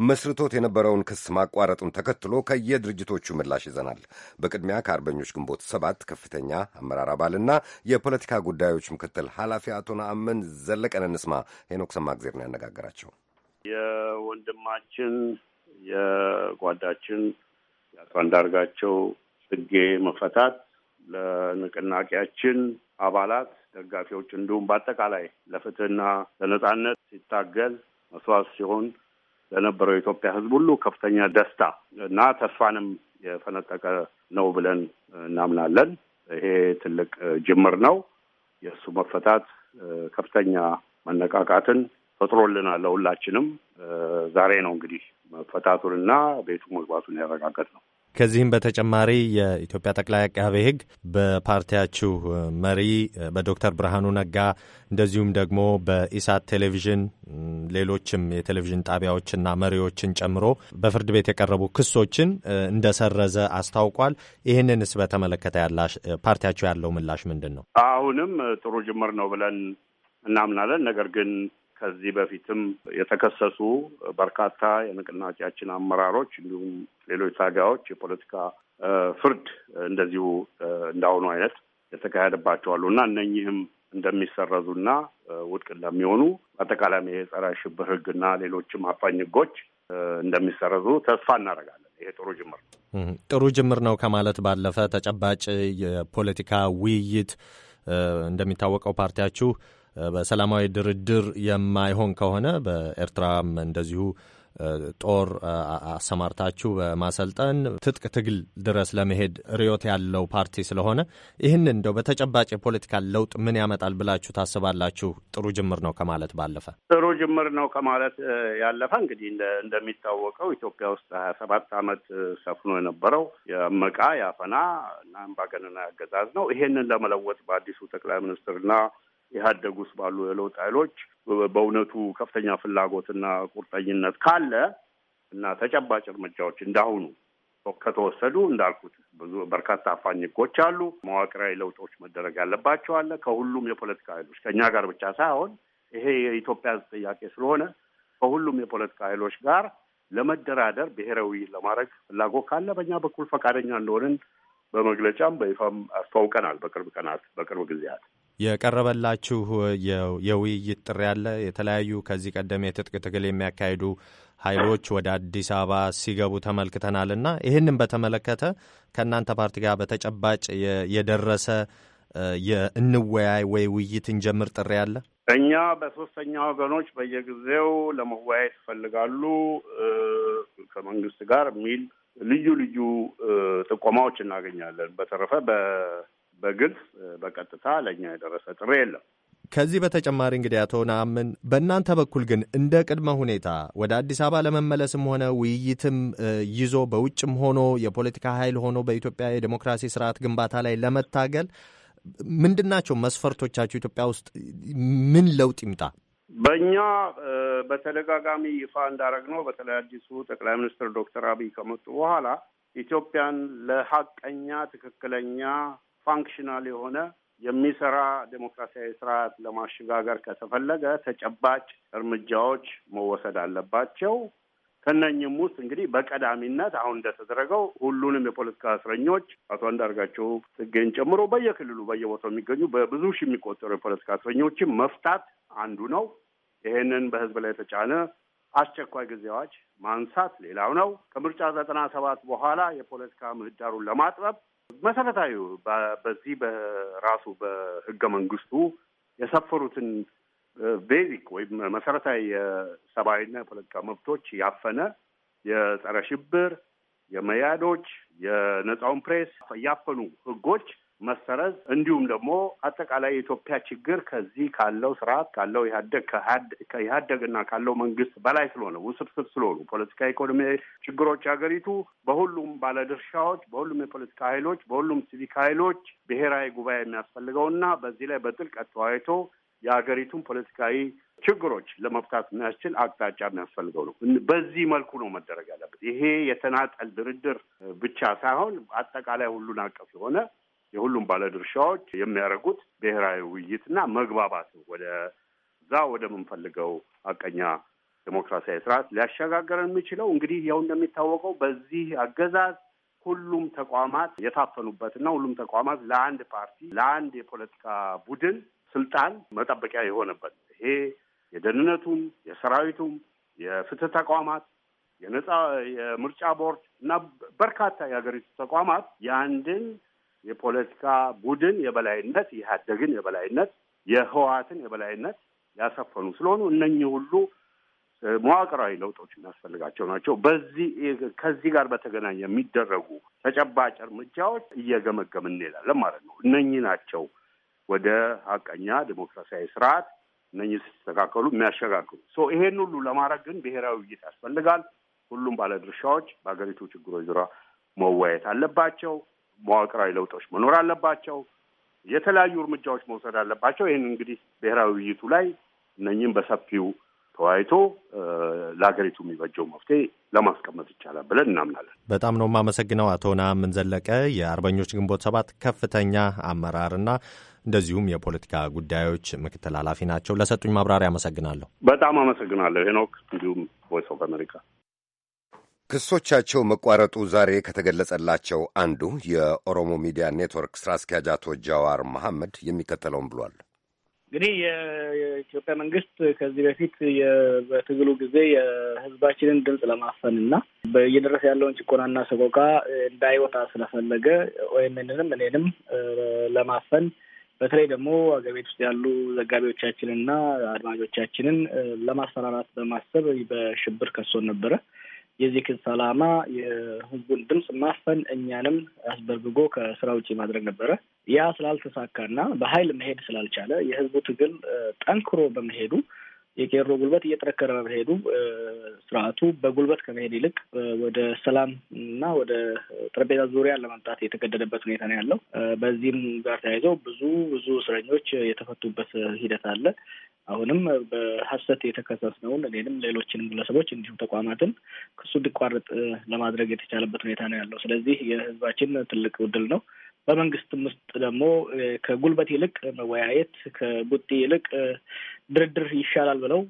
መስርቶት የነበረውን ክስ ማቋረጡን ተከትሎ ከየድርጅቶቹ ምላሽ ይዘናል። በቅድሚያ ከአርበኞች ግንቦት ሰባት ከፍተኛ አመራር አባልና የፖለቲካ ጉዳዮች ምክትል ኃላፊ አቶ ነአምን ዘለቀን እንስማ። ሄኖክ ሰማግዜር ነው ያነጋገራቸው። የወንድማችን የጓዳችን የአቶ አንዳርጋቸው ጽጌ መፈታት ለንቅናቄያችን አባላት፣ ደጋፊዎች እንዲሁም በአጠቃላይ ለፍትህና ለነጻነት ሲታገል መስዋዕት ሲሆን ለነበረው የኢትዮጵያ ሕዝብ ሁሉ ከፍተኛ ደስታ እና ተስፋንም የፈነጠቀ ነው ብለን እናምናለን። ይሄ ትልቅ ጅምር ነው። የእሱ መፈታት ከፍተኛ መነቃቃትን ፈጥሮልናል ለሁላችንም። ዛሬ ነው እንግዲህ መፈታቱንና ቤቱ መግባቱን ያረጋገጥ ነው። ከዚህም በተጨማሪ የኢትዮጵያ ጠቅላይ አቃቤ ሕግ በፓርቲያችሁ መሪ በዶክተር ብርሃኑ ነጋ እንደዚሁም ደግሞ በኢሳት ቴሌቪዥን፣ ሌሎችም የቴሌቪዥን ጣቢያዎችና መሪዎችን ጨምሮ በፍርድ ቤት የቀረቡ ክሶችን እንደሰረዘ አስታውቋል። ይህንንስ በተመለከተ ፓርቲያችሁ ያለው ምላሽ ምንድን ነው? አሁንም ጥሩ ጅምር ነው ብለን እናምናለን። ነገር ግን ከዚህ በፊትም የተከሰሱ በርካታ የንቅናቄያችን አመራሮች እንዲሁም ሌሎች ታጋዮች የፖለቲካ ፍርድ እንደዚሁ እንዳሁኑ አይነት የተካሄደባቸው አሉ እና እነኚህም እንደሚሰረዙና ውድቅ እንደሚሆኑ አጠቃላይ የጸረ ሽብር ሕግና ሌሎችም አፋኝ ህጎች እንደሚሰረዙ ተስፋ እናደርጋለን። ይሄ ጥሩ ጅምር ነው። ጥሩ ጅምር ነው ከማለት ባለፈ ተጨባጭ የፖለቲካ ውይይት እንደሚታወቀው ፓርቲያችሁ በሰላማዊ ድርድር የማይሆን ከሆነ በኤርትራም እንደዚሁ ጦር አሰማርታችሁ በማሰልጠን ትጥቅ ትግል ድረስ ለመሄድ ርዮት ያለው ፓርቲ ስለሆነ ይህን እንደው በተጨባጭ የፖለቲካ ለውጥ ምን ያመጣል ብላችሁ ታስባላችሁ? ጥሩ ጅምር ነው ከማለት ባለፈ ጥሩ ጅምር ነው ከማለት ያለፈ እንግዲህ እንደሚታወቀው ኢትዮጵያ ውስጥ ሀያ ሰባት ዓመት ሰፍኖ የነበረው የመቃ ያፈና እና አምባገነን አገዛዝ ነው። ይሄንን ለመለወጥ በአዲሱ ጠቅላይ ሚኒስትርና ያደጉ ውስጥ ባሉ የለውጥ ኃይሎች በእውነቱ ከፍተኛ ፍላጎትና ቁርጠኝነት ካለ እና ተጨባጭ እርምጃዎች እንዳሁኑ ከተወሰዱ እንዳልኩት ብዙ በርካታ አፋኝ ህጎች አሉ። መዋቅራዊ ለውጦች መደረግ ያለባቸው አለ። ከሁሉም የፖለቲካ ኃይሎች ከእኛ ጋር ብቻ ሳይሆን ይሄ የኢትዮጵያ ጥያቄ ስለሆነ ከሁሉም የፖለቲካ ኃይሎች ጋር ለመደራደር ብሔራዊ ለማድረግ ፍላጎት ካለ በእኛ በኩል ፈቃደኛ እንደሆንን በመግለጫም በይፋም አስተዋውቀናል። በቅርብ ቀናት በቅርብ ጊዜያት የቀረበላችሁ የውይይት ጥሪ አለ? የተለያዩ ከዚህ ቀደም የትጥቅ ትግል የሚያካሂዱ ኃይሎች ወደ አዲስ አበባ ሲገቡ ተመልክተናል እና ይህንን በተመለከተ ከእናንተ ፓርቲ ጋር በተጨባጭ የደረሰ የእንወያይ ወይ ውይይት እንጀምር ጥሪ አለ? እኛ በሶስተኛ ወገኖች በየጊዜው ለመወያየት ይፈልጋሉ ከመንግስት ጋር የሚል ልዩ ልዩ ጥቆማዎች እናገኛለን። በተረፈ በግልጽ በቀጥታ ለእኛ የደረሰ ጥሪ የለም። ከዚህ በተጨማሪ እንግዲህ አቶ ነአምን በእናንተ በኩል ግን እንደ ቅድመ ሁኔታ ወደ አዲስ አበባ ለመመለስም ሆነ ውይይትም ይዞ በውጭም ሆኖ የፖለቲካ ኃይል ሆኖ በኢትዮጵያ የዴሞክራሲ ስርዓት ግንባታ ላይ ለመታገል ምንድናቸው መስፈርቶቻቸው ኢትዮጵያ ውስጥ ምን ለውጥ ይምጣ? በእኛ በተደጋጋሚ ይፋ እንዳረግነው በተለይ አዲሱ ጠቅላይ ሚኒስትር ዶክተር አብይ ከመጡ በኋላ ኢትዮጵያን ለሀቀኛ ትክክለኛ ፋንክሽናል የሆነ የሚሰራ ዴሞክራሲያዊ ስርዓት ለማሸጋገር ከተፈለገ ተጨባጭ እርምጃዎች መወሰድ አለባቸው። ከነኝም ውስጥ እንግዲህ በቀዳሚነት አሁን እንደተደረገው ሁሉንም የፖለቲካ እስረኞች አቶ አንዳርጋቸው ጽጌን ጨምሮ በየክልሉ በየቦታው የሚገኙ በብዙ ሺህ የሚቆጠሩ የፖለቲካ እስረኞችን መፍታት አንዱ ነው። ይሄንን በህዝብ ላይ የተጫነ አስቸኳይ ጊዜዎች ማንሳት ሌላው ነው። ከምርጫ ዘጠና ሰባት በኋላ የፖለቲካ ምህዳሩን ለማጥበብ መሰረታዊ በዚህ በራሱ በህገ መንግስቱ የሰፈሩትን ቤዚክ ወይም መሰረታዊ የሰብአዊና የፖለቲካ መብቶች ያፈነ የጸረ ሽብር የመያዶች የነጻውን ፕሬስ ያፈኑ ህጎች መሰረዝ እንዲሁም ደግሞ አጠቃላይ የኢትዮጵያ ችግር ከዚህ ካለው ስርዓት ካለው ኢህአደግ ካለው መንግስት በላይ ስለሆነ ውስብስብ ስለሆኑ ፖለቲካ ኢኮኖሚ ችግሮች ሀገሪቱ በሁሉም ባለድርሻዎች፣ በሁሉም የፖለቲካ ኃይሎች፣ በሁሉም ሲቪክ ኃይሎች ብሔራዊ ጉባኤ የሚያስፈልገውና በዚህ ላይ በጥልቀት ተወያይቶ የሀገሪቱን ፖለቲካዊ ችግሮች ለመፍታት የሚያስችል አቅጣጫ የሚያስፈልገው ነው። በዚህ መልኩ ነው መደረግ ያለበት። ይሄ የተናጠል ድርድር ብቻ ሳይሆን አጠቃላይ ሁሉን አቀፍ የሆነ የሁሉም ባለድርሻዎች የሚያደርጉት ብሔራዊ ውይይትና መግባባት ወደ እዛ ወደምንፈልገው አቀኛ ዴሞክራሲያዊ ስርዓት ሊያሸጋገር የሚችለው እንግዲህ ያው እንደሚታወቀው በዚህ አገዛዝ ሁሉም ተቋማት የታፈኑበትና ሁሉም ተቋማት ለአንድ ፓርቲ ለአንድ የፖለቲካ ቡድን ስልጣን መጠበቂያ የሆነበት ይሄ የደህንነቱም፣ የሰራዊቱም፣ የፍትህ ተቋማት፣ የነጻ የምርጫ ቦርድ እና በርካታ የሀገሪቱ ተቋማት የአንድን የፖለቲካ ቡድን የበላይነት የሀደግን የበላይነት የህወሓትን የበላይነት ያሰፈኑ ስለሆኑ እነኚህ ሁሉ መዋቅራዊ ለውጦች የሚያስፈልጋቸው ናቸው። በዚህ ከዚህ ጋር በተገናኘ የሚደረጉ ተጨባጭ እርምጃዎች እየገመገም እንሄዳለን ማለት ነው። እነኚህ ናቸው ወደ ሀቀኛ ዲሞክራሲያዊ ስርዓት እነኚህ ሲስተካከሉ የሚያሸጋግሩ ሶ ይሄን ሁሉ ለማድረግ ግን ብሔራዊ ውይይት ያስፈልጋል። ሁሉም ባለድርሻዎች በሀገሪቱ ችግሮች ዙሪያ መወያየት አለባቸው። መዋቅራዊ ለውጦች መኖር አለባቸው። የተለያዩ እርምጃዎች መውሰድ አለባቸው። ይህን እንግዲህ ብሔራዊ ውይይቱ ላይ እነኝም በሰፊው ተወያይቶ ለሀገሪቱ የሚበጀው መፍትሄ ለማስቀመጥ ይቻላል ብለን እናምናለን። በጣም ነው የማመሰግነው አቶ ነአምን ዘለቀ የአርበኞች ግንቦት ሰባት ከፍተኛ አመራርና እንደዚሁም የፖለቲካ ጉዳዮች ምክትል ኃላፊ ናቸው። ለሰጡኝ ማብራሪያ አመሰግናለሁ። በጣም አመሰግናለሁ ሄኖክ፣ እንዲሁም ቮይስ ኦፍ አሜሪካ ክሶቻቸው መቋረጡ ዛሬ ከተገለጸላቸው አንዱ የኦሮሞ ሚዲያ ኔትወርክ ስራ አስኪያጅ አቶ ጃዋር መሐመድ የሚከተለውን ብሏል። እንግዲህ የኢትዮጵያ መንግስት ከዚህ በፊት በትግሉ ጊዜ የህዝባችንን ድምፅ ለማፈን እና እየደረሰ ያለውን ጭቆናና ሰቆቃ እንዳይወጣ ስለፈለገ ወይምንንም እኔንም ለማፈን በተለይ ደግሞ አገር ቤት ውስጥ ያሉ ዘጋቢዎቻችንና አድማጮቻችንን ለማስፈራራት በማሰብ በሽብር ከሶን ነበረ። የዚህ ክስ ዓላማ የህዝቡን ድምፅ ማፈን እኛንም አስበርግጎ ከስራ ውጭ ማድረግ ነበረ። ያ ስላልተሳካና በኃይል መሄድ ስላልቻለ የህዝቡ ትግል ጠንክሮ በመሄዱ የቄሮ ጉልበት እየጠረከረ በመሄዱ ስርዓቱ በጉልበት ከመሄድ ይልቅ ወደ ሰላም እና ወደ ጠረጴዛ ዙሪያ ለመምጣት የተገደደበት ሁኔታ ነው ያለው። በዚህም ጋር ተያይዘው ብዙ ብዙ እስረኞች የተፈቱበት ሂደት አለ። አሁንም በሀሰት የተከሰስነውን እኔንም ሌሎችንም ግለሰቦች እንዲሁም ተቋማትን ክሱ እንዲቋረጥ ለማድረግ የተቻለበት ሁኔታ ነው ያለው። ስለዚህ የህዝባችን ትልቅ ውድል ነው። በመንግስትም ውስጥ ደግሞ ከጉልበት ይልቅ መወያየት፣ ከቡጢ ይልቅ ድርድር ይሻላል ብለው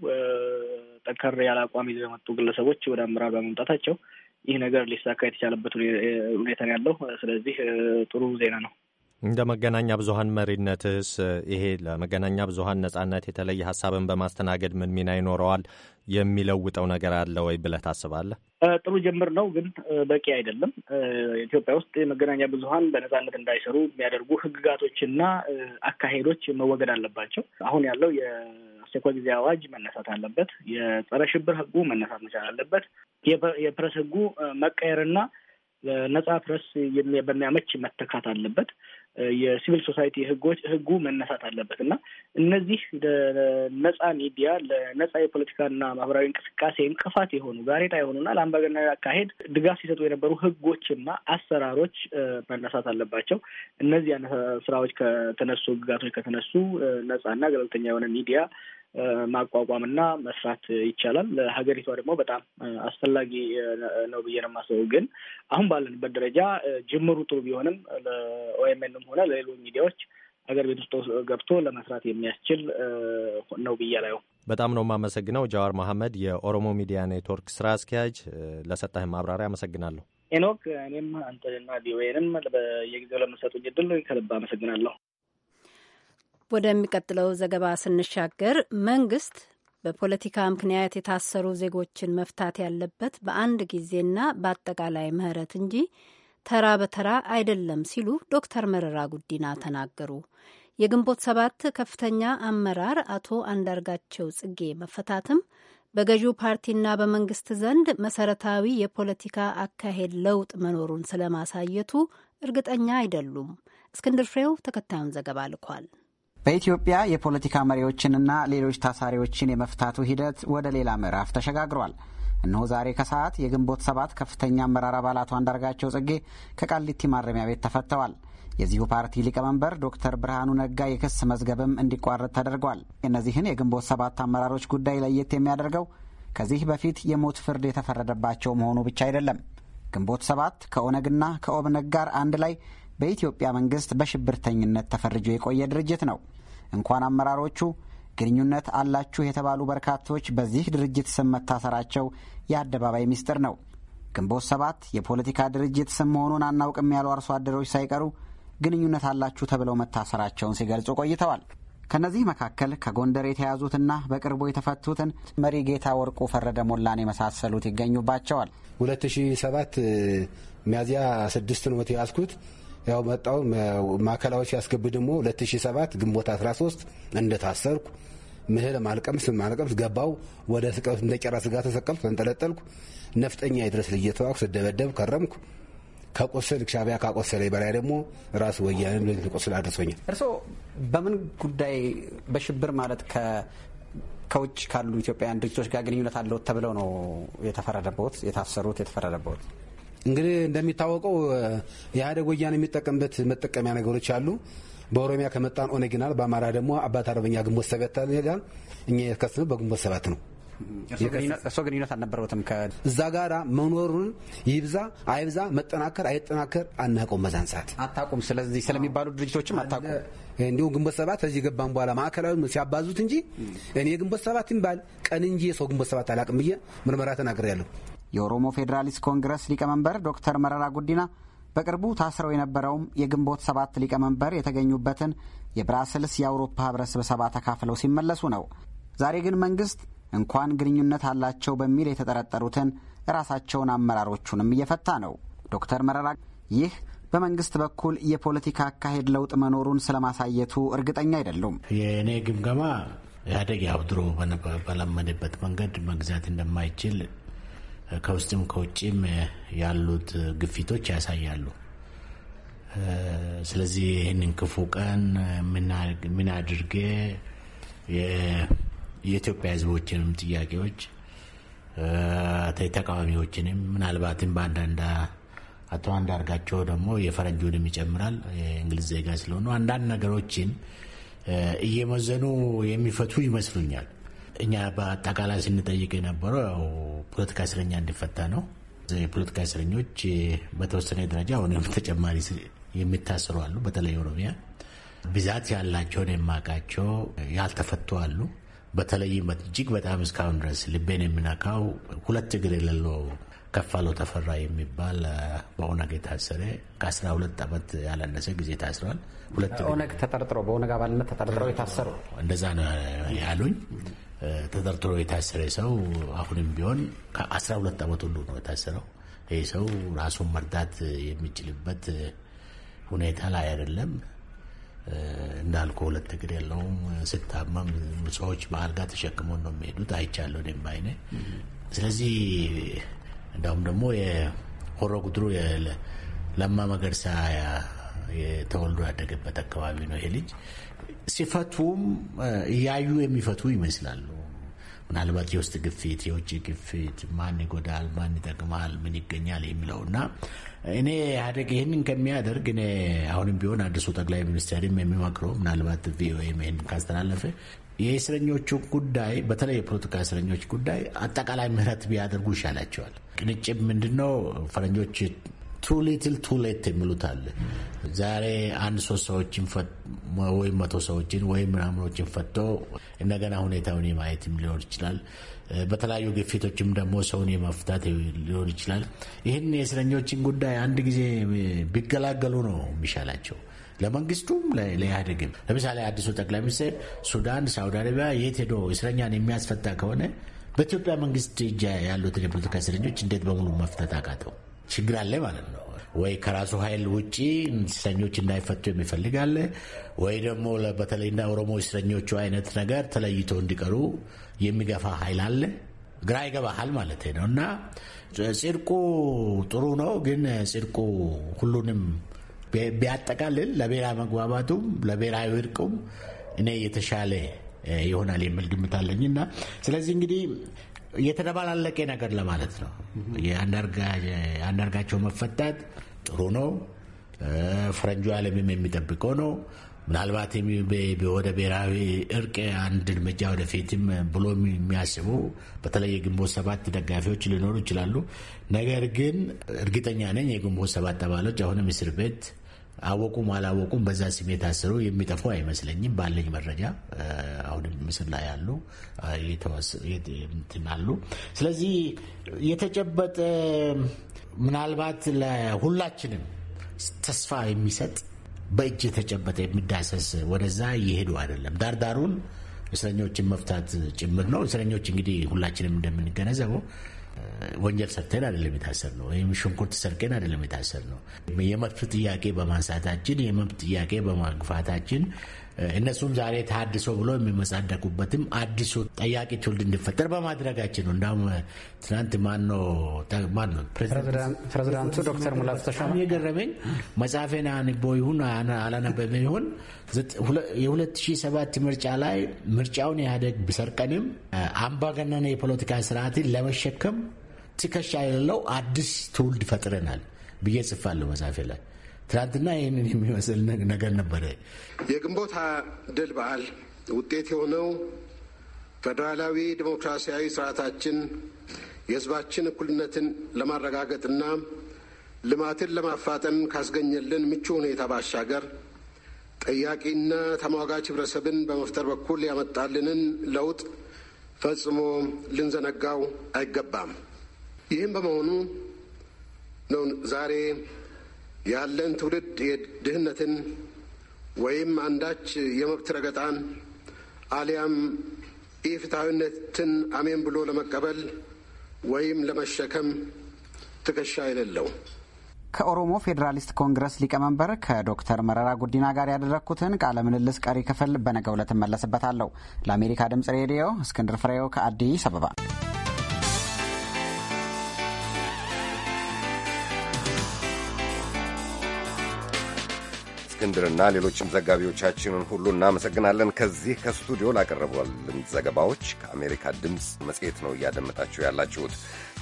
ጠንከር ያለ አቋም ይዘው የመጡ ግለሰቦች ወደ አመራር በመምጣታቸው ይህ ነገር ሊሳካ የተቻለበት ሁኔታ ነው ያለው። ስለዚህ ጥሩ ዜና ነው። እንደ መገናኛ ብዙሀን መሪነትስ ይሄ ለመገናኛ ብዙሀን ነጻነት የተለየ ሀሳብን በማስተናገድ ምን ሚና ይኖረዋል? የሚለውጠው ነገር አለ ወይ ብለህ ታስባለህ? ጥሩ ጅምር ነው፣ ግን በቂ አይደለም። ኢትዮጵያ ውስጥ የመገናኛ ብዙሀን በነጻነት እንዳይሰሩ የሚያደርጉ ህግጋቶችና አካሄዶች መወገድ አለባቸው። አሁን ያለው የአስቸኳይ ጊዜ አዋጅ መነሳት አለበት። የጸረ ሽብር ህጉ መነሳት መቻል አለበት። የፕረስ ህጉ መቀየርና ነጻ ፕረስ በሚያመች መተካት አለበት። የሲቪል ሶሳይቲ ህጎች ህጉ መነሳት አለበት እና እነዚህ ለነፃ ሚዲያ ለነፃ የፖለቲካና ማህበራዊ እንቅስቃሴ እንቅፋት የሆኑ ጋሬጣ የሆኑና ለአምባገነናዊ አካሄድ ድጋፍ ሲሰጡ የነበሩ ህጎችና አሰራሮች መነሳት አለባቸው። እነዚህ ስራዎች ከተነሱ ህግጋቶች ከተነሱ ነፃና ገለልተኛ የሆነ ሚዲያ ማቋቋምና መስራት ይቻላል። ለሀገሪቷ ደግሞ በጣም አስፈላጊ ነው ብዬ ነው የማስበው። ግን አሁን ባለንበት ደረጃ ጅምሩ ጥሩ ቢሆንም ለኦኤምኤንም ሆነ ለሌሎ ሚዲያዎች ሀገር ቤት ውስጥ ገብቶ ለመስራት የሚያስችል ነው ብዬ ላየው። በጣም ነው የማመሰግነው። ጃዋር መሐመድ፣ የኦሮሞ ሚዲያ ኔትወርክ ስራ አስኪያጅ፣ ለሰጣህን ማብራሪያ አመሰግናለሁ። ኤኖክ፣ እኔም አንተንና ቪኦኤንም በየጊዜው ለምሰጡኝ ዕድል ከልብ አመሰግናለሁ። ወደሚቀጥለው ዘገባ ስንሻገር መንግስት በፖለቲካ ምክንያት የታሰሩ ዜጎችን መፍታት ያለበት በአንድ ጊዜና በአጠቃላይ ምህረት እንጂ ተራ በተራ አይደለም ሲሉ ዶክተር መረራ ጉዲና ተናገሩ። የግንቦት ሰባት ከፍተኛ አመራር አቶ አንዳርጋቸው ጽጌ መፈታትም በገዢው ፓርቲና በመንግስት ዘንድ መሰረታዊ የፖለቲካ አካሄድ ለውጥ መኖሩን ስለማሳየቱ እርግጠኛ አይደሉም። እስክንድር ፍሬው ተከታዩን ዘገባ ልኳል። በኢትዮጵያ የፖለቲካ መሪዎችንና ሌሎች ታሳሪዎችን የመፍታቱ ሂደት ወደ ሌላ ምዕራፍ ተሸጋግሯል። እነሆ ዛሬ ከሰዓት የግንቦት ሰባት ከፍተኛ አመራር አባላቱ አንዳርጋቸው ጽጌ ከቃሊቲ ማረሚያ ቤት ተፈተዋል። የዚሁ ፓርቲ ሊቀመንበር ዶክተር ብርሃኑ ነጋ የክስ መዝገብም እንዲቋረጥ ተደርጓል። እነዚህን የግንቦት ሰባት አመራሮች ጉዳይ ለየት የሚያደርገው ከዚህ በፊት የሞት ፍርድ የተፈረደባቸው መሆኑ ብቻ አይደለም። ግንቦት ሰባት ከኦነግና ከኦብነግ ጋር አንድ ላይ በኢትዮጵያ መንግስት በሽብርተኝነት ተፈርጆ የቆየ ድርጅት ነው። እንኳን አመራሮቹ ግንኙነት አላችሁ የተባሉ በርካቶች በዚህ ድርጅት ስም መታሰራቸው የአደባባይ ሚስጥር ነው። ግንቦት ሰባት የፖለቲካ ድርጅት ስም መሆኑን አናውቅም ያሉ አርሶ አደሮች ሳይቀሩ ግንኙነት አላችሁ ተብለው መታሰራቸውን ሲገልጹ ቆይተዋል። ከእነዚህ መካከል ከጎንደር የተያዙትና በቅርቡ የተፈቱትን መሪ ጌታ ወርቁ ፈረደ ሞላን የመሳሰሉት ይገኙባቸዋል። 2007 ሚያዝያ ስድስት ነው የተያዝኩት። ያው መጣው ማዕከላዊ ሲያስገብ ደግሞ 2007 ግንቦት 13 እንደታሰርኩ ምህልም አልቀምስ አልቀምስ ገባው ወደ ስቀት እንደጨራ ስጋ ተሰቀልኩ፣ ተንጠለጠልኩ። ነፍጠኛ የድረስ ልየተዋኩ ስደበደብ ከረምኩ። ከቆሰል ሻቢያ ካቆሰለ በላይ ደግሞ ራስ ወያኔ ቁስል አድርሶኛል። እርስዎ በምን ጉዳይ በሽብር ማለት ከውጭ ካሉ ኢትዮጵያውያን ድርጅቶች ጋር ግንኙነት አለው ተብለው ነው የተፈረደበት የታሰሩት የተፈረደበት? እንግዲህ እንደሚታወቀው ኢህአዴግ ወያኔ የሚጠቀምበት መጠቀሚያ ነገሮች አሉ። በኦሮሚያ ከመጣን ኦነግናል፣ በአማራ ደግሞ አባት አርበኛ ግንቦት ሰባት ይሄዳል። እኛ የከስነው በግንቦት ሰባት ነው። እርስዎ ግንኙነት አልነበረትም እዛ ጋራ መኖሩን ይብዛ አይብዛ መጠናከር አይጠናከር አናውቀውም። በዛን ሰዓት አታውቁም። ስለዚህ ስለሚባሉ ድርጅቶችም አታውቁም። እንዲሁም ግንቦት ሰባት ከዚህ ገባን በኋላ ማዕከላዊ ሲያባዙት እንጂ እኔ ግንቦት ሰባት ይባል ቀን እንጂ የሰው ግንቦት ሰባት አላውቅም ብዬ ምርመራ ተናግሬያለሁ። የኦሮሞ ፌዴራሊስት ኮንግረስ ሊቀመንበር ዶክተር መረራ ጉዲና በቅርቡ ታስረው የነበረውም የግንቦት ሰባት ሊቀመንበር የተገኙበትን የብራስልስ የአውሮፓ ህብረት ስብሰባ ተካፍለው ሲመለሱ ነው። ዛሬ ግን መንግስት እንኳን ግንኙነት አላቸው በሚል የተጠረጠሩትን ራሳቸውን አመራሮቹንም እየፈታ ነው። ዶክተር መረራ ይህ በመንግስት በኩል የፖለቲካ አካሄድ ለውጥ መኖሩን ስለማሳየቱ እርግጠኛ አይደሉም። የእኔ ግምገማ ኢህአዴግ ያው ድሮ በለመደበት መንገድ መግዛት እንደማይችል ከውስጥም ከውጭም ያሉት ግፊቶች ያሳያሉ። ስለዚህ ይህንን ክፉ ቀን ምን አድርጌ የኢትዮጵያ ሕዝቦችንም ጥያቄዎች ተቃዋሚዎችንም ምናልባትም በአንዳንድ አቶ አንዳርጋቸው ደግሞ የፈረንጁንም ይጨምራል የእንግሊዝ ዜጋ ስለሆኑ አንዳንድ ነገሮችን እየመዘኑ የሚፈቱ ይመስሉኛል። እኛ በአጠቃላይ ስንጠይቅ የነበረው ያው ፖለቲካ እስረኛ እንዲፈታ ነው። የፖለቲካ እስረኞች በተወሰነ ደረጃ አሁንም ተጨማሪ የሚታሰሩ አሉ። በተለይ ኦሮሚያ ብዛት ያላቸውን የማውቃቸው ያልተፈቱ አሉ። በተለይም እጅግ በጣም እስካሁን ድረስ ልቤን የሚነካው ሁለት እግር የሌለው ከፋለው ተፈራ የሚባል በኦነግ የታሰረ ከአስራ ሁለት ዓመት ያላነሰ ጊዜ ታስረዋል። ኦነግ ተጠርጥሮ በኦነግ አባልነት ተጠርጥሮ የታሰሩ እንደዛ ነው ያሉኝ። ተጠርጥሮ የታሰረ ሰው አሁንም ቢሆን ከአስራ ሁለት ዓመት ሁሉ ነው የታሰረው። ይህ ሰው ራሱን መርዳት የሚችልበት ሁኔታ ላይ አይደለም። እንዳልኩ ሁለት እግር የለውም። ስታመም ሰዎች በአልጋ ተሸክሞ ነው የሚሄዱት። አይቻለሁ እኔም በዓይኔ። ስለዚህ እንዳውም ደግሞ የሆሮ ጉድሩ ለማ መገርሳ ተወልዶ ያደገበት አካባቢ ነው። ይሄ ልጅ ሲፈቱም እያዩ የሚፈቱ ይመስላሉ። ምናልባት የውስጥ ግፊት፣ የውጭ ግፊት፣ ማን ይጎዳል፣ ማን ይጠቅማል፣ ምን ይገኛል የሚለው እና እኔ ኢህአዴግ ይህንን ከሚያደርግ እኔ አሁንም ቢሆን አዲሱ ጠቅላይ ሚኒስትርም የሚመክረው ምናልባት ቪኦኤም ይህን ካስተላለፈ የእስረኞቹ ጉዳይ በተለይ የፖለቲካ እስረኞች ጉዳይ አጠቃላይ ምህረት ቢያደርጉ ይሻላቸዋል። ቅንጭብ ምንድነው ፈረንጆች ቱ ሊትል ቱ ሌት የሚሉት አለ። ዛሬ አንድ ሶስት ሰዎችን ወይም መቶ ሰዎችን ወይም ምናምኖችን ፈቶ እንደገና ሁኔታውን የማየትም ሊሆን ይችላል። በተለያዩ ግፊቶችም ደግሞ ሰውን የመፍታት ሊሆን ይችላል። ይህን የእስረኞችን ጉዳይ አንድ ጊዜ ቢገላገሉ ነው የሚሻላቸው ለመንግስቱም ለኢህአዴግም። ለምሳሌ አዲሱ ጠቅላይ ሚኒስትር ሱዳን፣ ሳውዲ አረቢያ የት ሄዶ እስረኛን የሚያስፈታ ከሆነ በኢትዮጵያ መንግስት እጅ ያሉትን የፖለቲካ እስረኞች እንዴት በሙሉ መፍታት አቃተው? ችግር አለ ማለት ነው። ወይ ከራሱ ኃይል ውጭ እስረኞች እንዳይፈቱ የሚፈልግ አለ፣ ወይ ደግሞ በተለይና ኦሮሞ እስረኞቹ አይነት ነገር ተለይቶ እንዲቀሩ የሚገፋ ኃይል አለ። ግራ ይገባሃል ማለት ነው። እና ጽድቁ ጥሩ ነው፣ ግን ጽድቁ ሁሉንም ቢያጠቃልል ለብሔራዊ መግባባቱም ለብሔራዊ እርቁም እኔ የተሻለ ይሆናል የሚል ግምት አለኝ እና ስለዚህ እንግዲህ የተደባላለቀ ነገር ለማለት ነው። የአንዳርጋቸው መፈታት ጥሩ ነው። ፈረንጁ ዓለምም የሚጠብቀው ነው። ምናልባትም ወደ ብሔራዊ እርቅ አንድ እርምጃ ወደፊትም ብሎ የሚያስቡ በተለይ የግንቦት ሰባት ደጋፊዎች ሊኖሩ ይችላሉ። ነገር ግን እርግጠኛ ነኝ የግንቦት ሰባት አባሎች አሁንም እስር ቤት አወቁም አላወቁም በዛ ስሜት የታሰሩ የሚጠፉ አይመስለኝም። ባለኝ መረጃ አሁንም ምስል ላይ ያሉ ትናሉ። ስለዚህ የተጨበጠ ምናልባት ለሁላችንም ተስፋ የሚሰጥ በእጅ የተጨበጠ የሚዳሰስ ወደዛ እየሄዱ አይደለም። ዳርዳሩን እስረኞችን መፍታት ጭምር ነው። እስረኞች እንግዲህ ሁላችንም እንደምንገነዘበው ወንጀል ሰርተን አይደለም የታሰር ነው ወይም ሽንኩርት ሰርቀን አይደለም የታሰር ነው። የመብት ጥያቄ በማንሳታችን የመብት ጥያቄ በማግፋታችን እነሱም ዛሬ ታድሶ ብሎ የሚመጻደቁበትም አዲሱ ጠያቂ ትውልድ እንዲፈጠር በማድረጋችን ነው። እንዳውም ትናንት ማነው ማነው ፕሬዚዳንቱ ዶክተር ሙላቱ ተሾመ የገረመኝ መጽሐፌን አንቦ ይሁን አላነበበ ይሁን የ2007 ምርጫ ላይ ምርጫውን ኢህአዴግ ቢሰርቀንም አምባገነን የፖለቲካ ስርዓትን ለመሸከም ትከሻ የሌለው አዲስ ትውልድ ፈጥረናል ብዬ ጽፋለሁ መጽሐፌ ላይ ትናንትና ይህንን የሚመስል ነገር ነበረ። የግንቦት ድል በዓል ውጤት የሆነው ፌዴራላዊ ዴሞክራሲያዊ ስርዓታችን የህዝባችን እኩልነትን ለማረጋገጥና ልማትን ለማፋጠን ካስገኘልን ምቹ ሁኔታ ባሻገር ጠያቂና ተሟጋች ህብረተሰብን በመፍጠር በኩል ያመጣልንን ለውጥ ፈጽሞ ልንዘነጋው አይገባም። ይህም በመሆኑ ነው ዛሬ ያለን ትውልድ ድህነትን ወይም አንዳች የመብት ረገጣን አሊያም ኢፍትሐዊነትን አሜን ብሎ ለመቀበል ወይም ለመሸከም ትከሻ የሌለው። ከኦሮሞ ፌዴራሊስት ኮንግረስ ሊቀመንበር ከዶክተር መረራ ጉዲና ጋር ያደረግኩትን ቃለ ምልልስ ቀሪ ክፍል በነገው ዕለት እመለስበታለሁ። ለአሜሪካ ድምፅ ሬዲዮ እስክንድር ፍሬው ከአዲስ አበባ እስክንድርና ሌሎችም ዘጋቢዎቻችንን ሁሉ እናመሰግናለን። ከዚህ ከስቱዲዮ ላቀረቧልን ዘገባዎች ከአሜሪካ ድምፅ መጽሔት ነው እያደመጣችሁ ያላችሁት።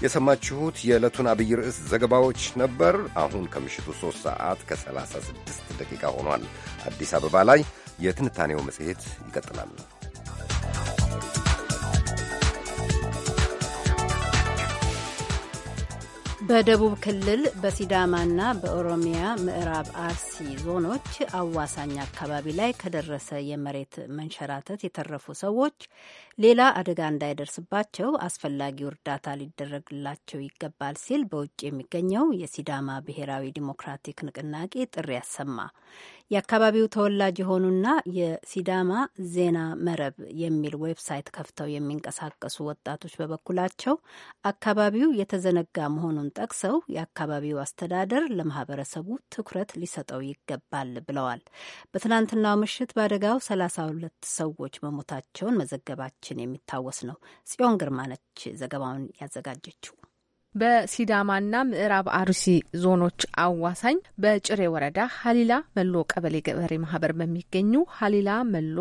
የሰማችሁት የዕለቱን አብይ ርዕስ ዘገባዎች ነበር። አሁን ከምሽቱ 3 ሰዓት ከ36 ደቂቃ ሆኗል። አዲስ አበባ ላይ የትንታኔው መጽሔት ይቀጥላል። በደቡብ ክልል በሲዳማና በኦሮሚያ ምዕራብ አርሲ ዞኖች አዋሳኝ አካባቢ ላይ ከደረሰ የመሬት መንሸራተት የተረፉ ሰዎች ሌላ አደጋ እንዳይደርስባቸው አስፈላጊው እርዳታ ሊደረግላቸው ይገባል ሲል በውጭ የሚገኘው የሲዳማ ብሔራዊ ዲሞክራቲክ ንቅናቄ ጥሪ ያሰማ። የአካባቢው ተወላጅ የሆኑና የሲዳማ ዜና መረብ የሚል ዌብሳይት ከፍተው የሚንቀሳቀሱ ወጣቶች በበኩላቸው አካባቢው የተዘነጋ መሆኑን ጠቅሰው የአካባቢው አስተዳደር ለማህበረሰቡ ትኩረት ሊሰጠው ይገባል ብለዋል። በትናንትናው ምሽት በአደጋው ሰላሳ ሁለት ሰዎች መሞታቸውን መዘገባቸው መዘገባችን የሚታወስ ነው። ጽዮን ግርማ ነች ዘገባውን ያዘጋጀችው። በሲዳማና ምዕራብ አርሲ ዞኖች አዋሳኝ በጭሬ ወረዳ ሀሊላ መሎ ቀበሌ ገበሬ ማህበር በሚገኙ ሀሊላ መሎ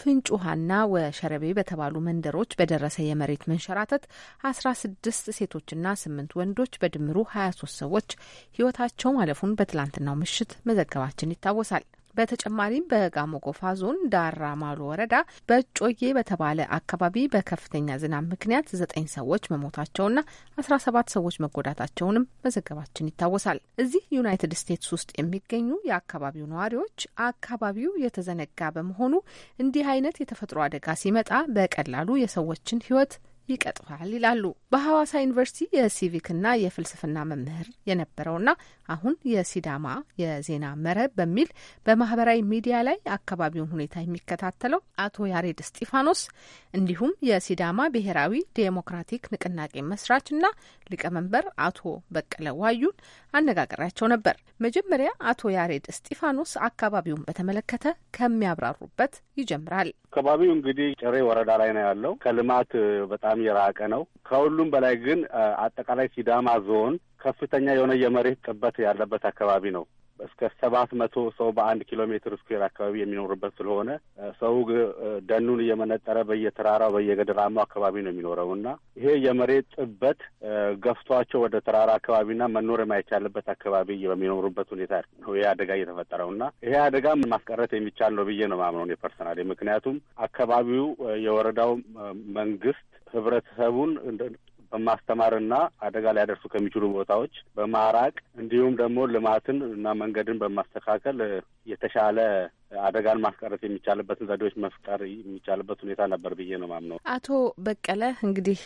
ፍንጩሃና ወሸረቤ በተባሉ መንደሮች በደረሰ የመሬት መንሸራተት አስራ ስድስት ሴቶችና ስምንት ወንዶች በድምሩ ሀያ ሶስት ሰዎች ህይወታቸው ማለፉን በትላንትናው ምሽት መዘገባችን ይታወሳል። በተጨማሪም በጋሞ ጎፋ ዞን ዳራ ማሎ ወረዳ በጮዬ በተባለ አካባቢ በከፍተኛ ዝናብ ምክንያት ዘጠኝ ሰዎች መሞታቸውና አስራ ሰባት ሰዎች መጎዳታቸውንም መዘገባችን ይታወሳል። እዚህ ዩናይትድ ስቴትስ ውስጥ የሚገኙ የአካባቢው ነዋሪዎች አካባቢው የተዘነጋ በመሆኑ እንዲህ አይነት የተፈጥሮ አደጋ ሲመጣ በቀላሉ የሰዎችን ሕይወት ይቀጥፋል ይላሉ። በሐዋሳ ዩኒቨርሲቲ የሲቪክና የፍልስፍና መምህር የነበረውና አሁን የሲዳማ የዜና መረብ በሚል በማህበራዊ ሚዲያ ላይ አካባቢውን ሁኔታ የሚከታተለው አቶ ያሬድ እስጢፋኖስ እንዲሁም የሲዳማ ብሔራዊ ዴሞክራቲክ ንቅናቄ መስራችና ሊቀመንበር አቶ በቀለ ዋዩን አነጋገራቸው ነበር። መጀመሪያ አቶ ያሬድ እስጢፋኖስ አካባቢውን በተመለከተ ከሚያብራሩበት ይጀምራል። አካባቢው እንግዲህ ጭሬ ወረዳ ላይ ነው ያለው። ከልማት በጣም በጣም የራቀ ነው። ከሁሉም በላይ ግን አጠቃላይ ሲዳማ ዞን ከፍተኛ የሆነ የመሬት ጥበት ያለበት አካባቢ ነው። እስከ ሰባት መቶ ሰው በአንድ ኪሎ ሜትር ስኩዌር አካባቢ የሚኖርበት ስለሆነ ሰው ደኑን እየመነጠረ በየተራራው በየገደላማው አካባቢ ነው የሚኖረው እና ይሄ የመሬት ጥበት ገፍቷቸው ወደ ተራራ አካባቢና መኖር የማይቻልበት አካባቢ በሚኖሩበት ሁኔታ ነው ይሄ አደጋ እየተፈጠረው እና ይሄ አደጋ ማስቀረት የሚቻል ነው ብዬ ነው ማምነው ፐርሰናል። ምክንያቱም አካባቢው የወረዳው መንግስት ህብረተሰቡን በማስተማርና አደጋ ሊያደርሱ ከሚችሉ ቦታዎች በማራቅ እንዲሁም ደግሞ ልማትን እና መንገድን በማስተካከል የተሻለ አደጋን ማስቀረት የሚቻልበትን ዘዴዎች መፍጠር የሚቻልበት ሁኔታ ነበር ብዬ ነው ማምነው። አቶ በቀለ እንግዲህ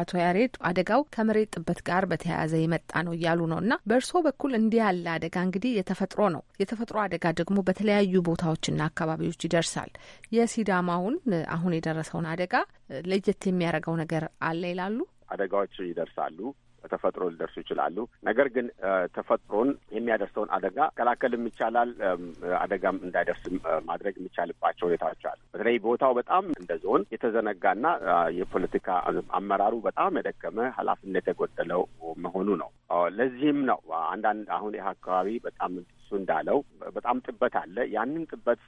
አቶ ያሬድ አደጋው ከመሬት ጥበት ጋር በተያያዘ የመጣ ነው እያሉ ነው እና በእርስዎ በኩል እንዲህ ያለ አደጋ እንግዲህ የተፈጥሮ ነው። የተፈጥሮ አደጋ ደግሞ በተለያዩ ቦታዎችና አካባቢዎች ይደርሳል። የሲዳማውን አሁን የደረሰውን አደጋ ለየት የሚያደርገው ነገር አለ ይላሉ። አደጋዎች ይደርሳሉ። ተፈጥሮ ሊደርሱ ይችላሉ። ነገር ግን ተፈጥሮን የሚያደርሰውን አደጋ መከላከልም ይቻላል። አደጋም እንዳይደርስ ማድረግ የሚቻልባቸው ሁኔታዎች አሉ። በተለይ ቦታው በጣም እንደ ዞን የተዘነጋና የፖለቲካ አመራሩ በጣም የደከመ ኃላፊነት የጎደለው መሆኑ ነው። ለዚህም ነው አንዳንድ አሁን ይህ አካባቢ በጣም እሱ እንዳለው በጣም ጥበት አለ። ያንን ጥበት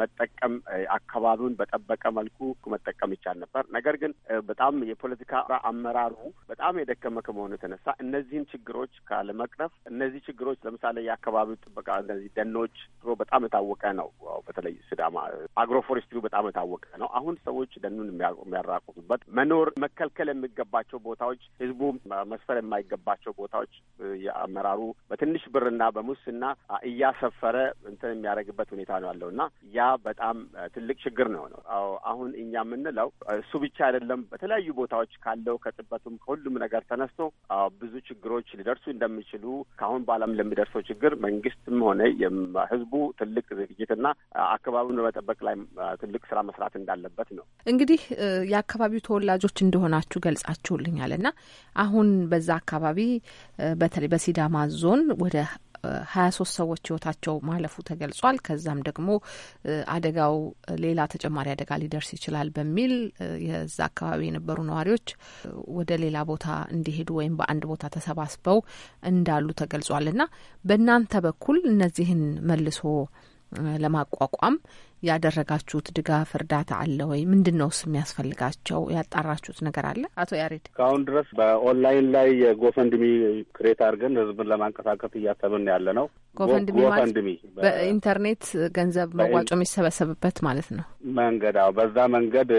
መጠቀም አካባቢውን በጠበቀ መልኩ መጠቀም ይቻል ነበር። ነገር ግን በጣም የፖለቲካ አመራሩ በጣም የደከመ ከመሆኑ የተነሳ እነዚህን ችግሮች ካለመቅረፍ እነዚህ ችግሮች ለምሳሌ የአካባቢው ጥበቃ እነዚህ ደኖች ድሮ በጣም የታወቀ ነው። በተለይ ስዳማ አግሮ በጣም የታወቀ ነው። አሁን ሰዎች ደኑን የሚያራቁቱበት መኖር መከልከል የሚገባቸው ቦታዎች፣ ህዝቡ መስፈር የማይገባቸው ቦታዎች ሰዎች የአመራሩ በትንሽ ብርና በሙስና እያሰፈረ እንትን የሚያደርግበት ሁኔታ ነው ያለው እና ያ በጣም ትልቅ ችግር ነው ነው አሁን እኛ የምንለው እሱ ብቻ አይደለም። በተለያዩ ቦታዎች ካለው ከጥበቱም ከሁሉም ነገር ተነስቶ ብዙ ችግሮች ሊደርሱ እንደሚችሉ ከአሁን በዓለም ለሚደርሰው ችግር መንግስትም ሆነ ህዝቡ ትልቅ ዝግጅትና አካባቢውን በመጠበቅ ላይ ትልቅ ስራ መስራት እንዳለበት ነው። እንግዲህ የአካባቢው ተወላጆች እንደሆናችሁ ገልጻችሁልኛል እና አሁን በዛ አካባቢ በተለይ በሲዳማ ዞን ወደ ሀያ ሶስት ሰዎች ህይወታቸው ማለፉ ተገልጿል። ከዛም ደግሞ አደጋው ሌላ ተጨማሪ አደጋ ሊደርስ ይችላል በሚል የዛ አካባቢ የነበሩ ነዋሪዎች ወደ ሌላ ቦታ እንዲሄዱ ወይም በአንድ ቦታ ተሰባስበው እንዳሉ ተገልጿል እና በእናንተ በኩል እነዚህን መልሶ ለማቋቋም ያደረጋችሁት ድጋፍ እርዳታ አለ ወይ? ምንድን ነው ስ የሚያስፈልጋቸው ያጣራችሁት ነገር አለ? አቶ ያሬድ ከአሁን ድረስ በኦንላይን ላይ የጎፈንድሚ ክሬት አድርገን ህዝብን ለማንቀሳቀስ እያሰብን ያለ ነው። ጎፈንድሚ በኢንተርኔት ገንዘብ መዋጮ የሚሰበሰብበት ማለት ነው መንገድ። አዎ በዛ መንገድ